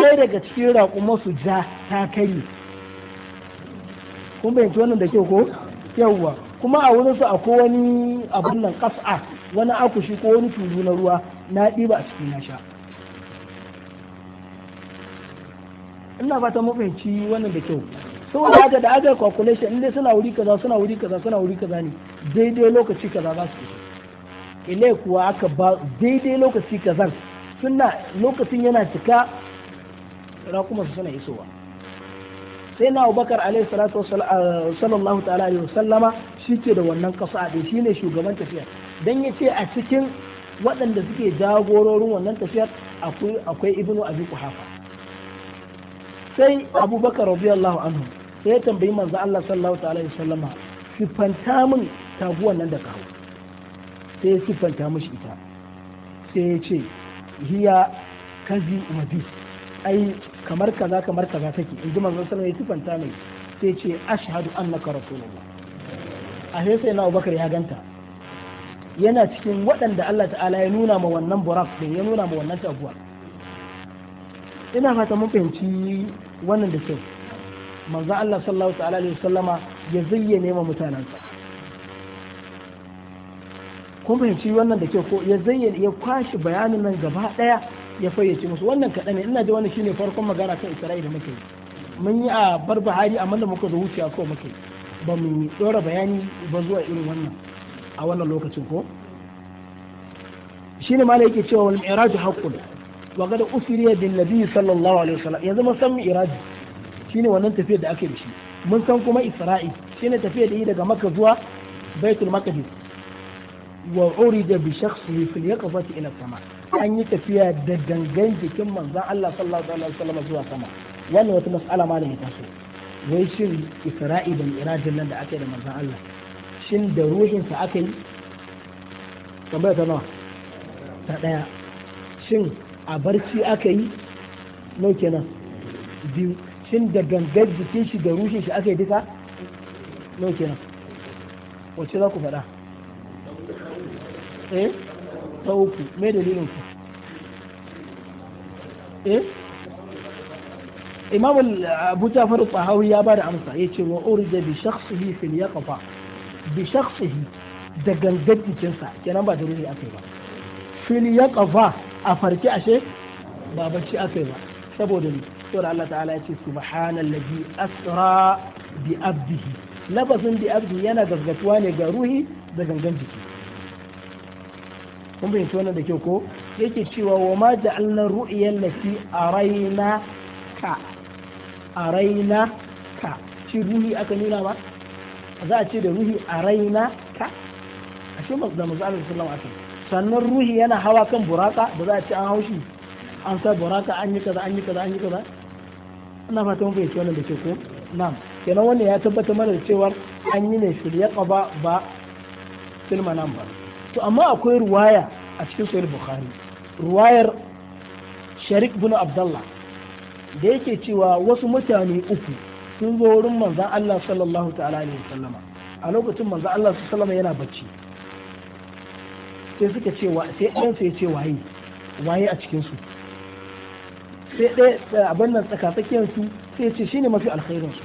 sai daga cikin raƙuman su ja ta kai kun bayanci wannan da kyau ko yawwa kuma a wurin su akwai wani abun nan kas'a wani akushi ko wani tulu na ruwa na ɗiba a cikin na sha ina fata fahimci wannan da kyau saboda haka da aka calculation inda suna wuri kaza suna wuri kaza suna wuri kaza ne daidai lokaci kaza za su ile kuwa aka ba daidai lokaci kazan suna lokacin yana cika raƙuma su suna isowa sai na abubakar alaihi salatu eh, sallallahu ta'ala alaihi wasallama shi ke da wannan kasa da shi ne shugaban tafiyar dan ya ce a cikin waɗanda suke jagororin wannan tafiyar akwai ibnu abi kuhafa sai abubakar radiyallahu anhu sai ya tambayi manzo Allah sallallahu ta'ala alaihi wasallama sifanta min taguwan nan da kawo sai ya siffanta mishi ita sai ya ce hiya kazi wa ai kamar kaza kamar kaza take inji manzo sallallahu alaihi wasallam ya tufanta sai ce ashhadu annaka rasulullah a sai sai na Abubakar ya ganta yana cikin waɗanda Allah ta'ala ya nuna ma wannan buraq din ya nuna ma wannan tabuwa ina fata mun fahimci wannan da kyau manzo Allah sallallahu ta'ala alaihi wasallama ya zayyane ma mutanansa kun fahimci wannan da kyau ko ya zayyane ya kwashi bayanin nan gaba daya ya fayyace musu wannan kaɗan ne ina ji wani shine farkon magana kan isra'ila muke yi mun yi a bar barbahari amma da muka zo a kawai muke ba mu ɗora bayani ba zuwa irin wannan a wannan lokacin ko shine malai yake cewa wal mi'raju haqqun wa qad usriya bin nabi sallallahu alaihi wasallam yanzu mun san mi'raji shine wannan tafiyar da ake da shi mun san kuma isra'i shine tafiyar da yi daga makka zuwa baitul maqdis wa urida bi shakhsihi fil yaqfati ila sama' an yi tafiya da gangan jikin manzan Allah sallallahu alaihi wasallam zuwa sama wannan wata mas'ala ma da mu taso wai shin Isra'i da Mi'rajin nan da aka yi da manzan Allah shin da sa aka yi tambaya ta nawa ta daya shin a barci aka yi no kenan biyu shin da gangan jikin shi da rushin shi aka yi duka no kenan wacce za ku faɗa eh ta uku me dalilin ku eh imam abu jafar tsahawi ya bada amsa ya ce wa urja bi shakhsihi fil yaqfa bi shakhsihi da gangar jikinsa kenan ba da ruhi akai ba fil yaqfa a farki ashe ba bacci akai ba saboda ni subhana Allah ta'ala ya ce subhanallazi asra bi abdihi lafazin bi abdi yana gaggatuwa ne ga ruhi da gangan jiki kun fahimci wannan da ke ko yake cewa wa ma ja'alna ru'yan lati araina ka araina ka shi ruhi aka nuna ba za a ce da ruhi araina ka a shi masu da masu sallallahu alaihi sannan ruhi yana hawa kan buraka da za a ce an haushi an sa buraka an yi kaza an yi kaza an yi kaza ina fata mun fahimci wannan da ke ko na'am kenan wannan ya tabbatar mana da cewa an yi ne shirya ba ba filma nan ba to amma akwai ruwaya a cikin sahih bukhari ruwayar sharik bin abdullah da yake cewa wasu mutane uku sun zo wurin manzan Allah sallallahu ta'ala alaihi sallama. a lokacin manzan Allah sallallahu yana bacci sai suka ce sai ɗan sai ce waye waye a cikin su sai ɗaya abin nan tsakatsakiyar su sai ce shine mafi alkhairin su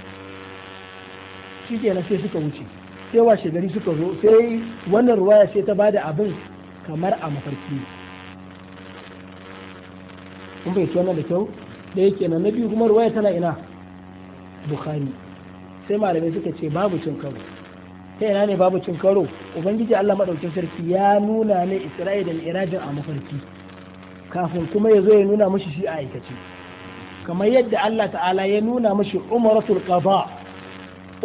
shikenan sai suka wuce sai washe gari suka zo sai wannan ruwaya sai ta bada abin kamar a mafarki kun bai wannan da kyau da yake nan na biyu kuma ruwaya tana ina bukhari sai malamai suka ce babu cin karo ta ina ne babu cin karo ubangiji Allah maɗaukin sarki ya nuna ne isra'i da Irajin a mafarki kafin kuma ya zo ya nuna mashi shi a aikace kamar yadda Allah ta'ala ya nuna mashi umar qada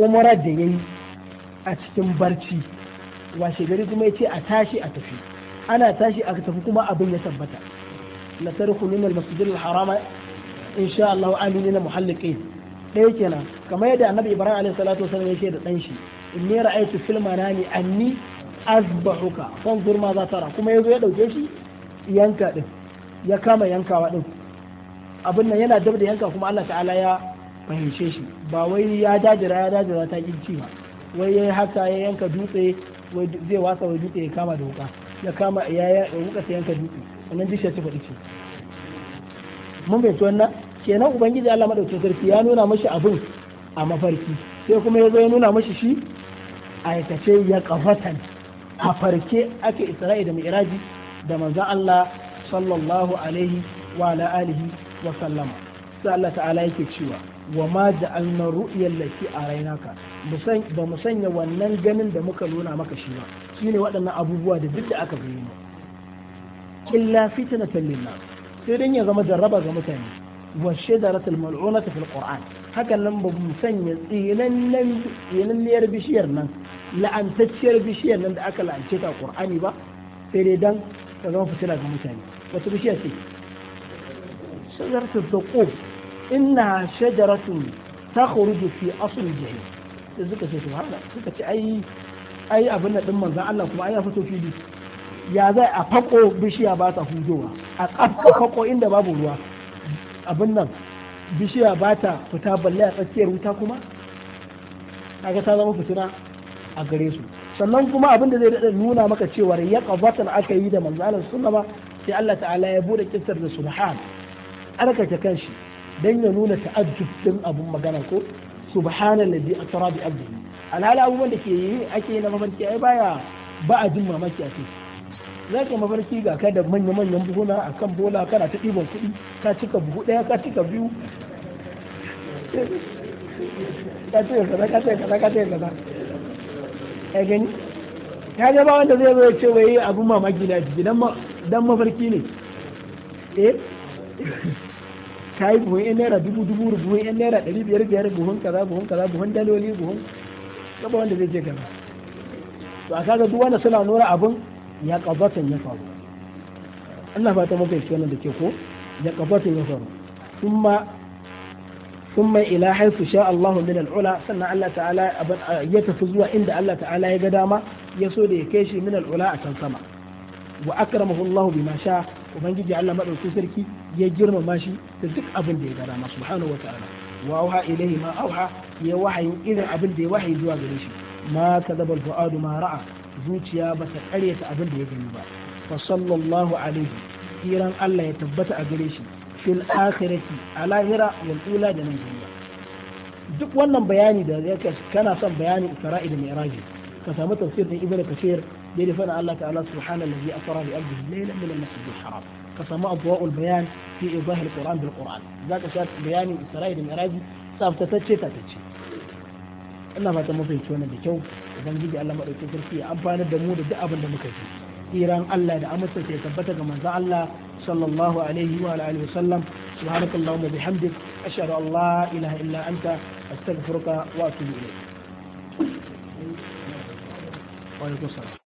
umar da ya yi. a cikin barci washe gari kuma ya ce a tashi a tafi ana tashi a tafi kuma abin ya tabbata la tarkhulun al-masjid al-haram insha Allah aminin ɗaya kenan kamar yadda annabi Ibrahim alaihi salatu wasallam ya ce da dan shi inni ra'aytu fil manami anni azbahuka fanzur ma za tara kuma yazo ya dauke shi yanka din ya kama yankawa din abin nan yana dab da yanka kuma Allah ta'ala ya fahimce shi ba wai ya dajira ya dajira ta kinci ba wai yi haka ya yanka dutse zai wasa wai dutse ya kama da wuka ya kama ya ya wuka sai yanka dutse wannan dishe ta faɗi ce mun bai wannan kenan ubangiji Allah madaukakin sarki ya nuna mashi abin a mafarki sai kuma ya zo ya nuna mashi shi aikace ya kafatan a farke ake isra'i da mi'raji da manzon Allah sallallahu alaihi wa ala alihi wa sallama sai Allah ta'ala yake cewa wa ma ja'alna ru'yal lati arainaka ba mu sanya wannan ganin da muka nuna maka shi ba shi ne waɗannan abubuwa da duk da aka gani illa fitna lin sai dan ya zama jarraba ga mutane wa shajaratul mal'unata fil qur'an hakan nan ba mu sanya tsinannen tsinanniyar bishiyar nan la'antacciyar bishiyar nan da aka la'ance ta qur'ani ba sai dai dan ta zama fitina ga mutane wata bishiya ce shajaratul taqub innaha shajaratun takhruju fi asl jahim sai suka ce subhana suka ce ai ai abin da din manzon Allah kuma ai ya fito fili ya zai a fako bishiya ba ta hujowa a kafa fako inda babu ruwa abin nan bishiya ba ta fita balle a tsakiyar wuta kuma kaga ta zama fitina a gare su sannan kuma abin da zai daɗa nuna maka cewa ya ƙabatan aka yi da manzalar sunna ba sai Allah ta'ala ya bude kisar da subhan ta kanshi dan ya nuna ta'ajjub din abun magana ko subhanallazi asra bi abdi alhala abubuwan da ke yi ake na mafarki ai baya ba a jin mamaki a kai za ka mafarki ga ka da manya-manyan buhuna a kan bola kana ta ɗiban kuɗi ka cika buhu ɗaya ka cika biyu ka ce kaza ka ce kaza ka ce kaza ya gani ya ga ba wanda zai zai ce wai abun mamaki na jiki dan mafarki ne eh kayi buhun yan naira dubu dubu buhun yan naira ɗari biyar biyar buhun kaza buhun kaza buhun daloli buhun kaba wanda zai je gaba to a kaga duk wanda suna nura abun ya kabatan ya faru Allah ba ta maka shi wannan da ke ko ya kabatan ya faru kuma kuma ila haifu sha allahu min al-ula sannan Allah ta'ala abin ya tafi zuwa inda Allah ta'ala ya ga dama ya so da ya kai shi min al-ula a can sama wa akramahu Allah bima sha ubangiji Allah madaukakin sarki ya girmama shi da duk abin da ya gara ma subhanahu wataala wa auha ilayhi ma auha ya wahayi irin abin da ya wahayi zuwa gare shi ma kadabal fuadu ma ra'a zuciya ba ta karyata abin da ya gani ba fa sallallahu alaihi kiran Allah ya tabbata a gare shi fil akhirati a lahira wal ula da nan duniya duk wannan bayani da yake kana son bayani isra'i da mi'raji ka samu tafsir din ibnu kafir dai da fara Allah ta'ala subhanahu allazi asra bi abdihi laylan min al-masjid al-haram ka samu adwa'ul bayan fi idah al-quran bil quran zaka sha bayanin isra'i da miraji tsaftatacce ta tace ina fata mun fahimci wannan da kyau ubangiji Allah madaukakin sarki ya amfanar da mu da duk abin da muka ji iran Allah da amsa ke tabbata ga manzon Allah sallallahu alaihi wa alihi wa sallam subhanakallahumma bihamdik ashhadu an la ilaha illa anta astaghfiruka wa atubu ilayk وعليكم السلام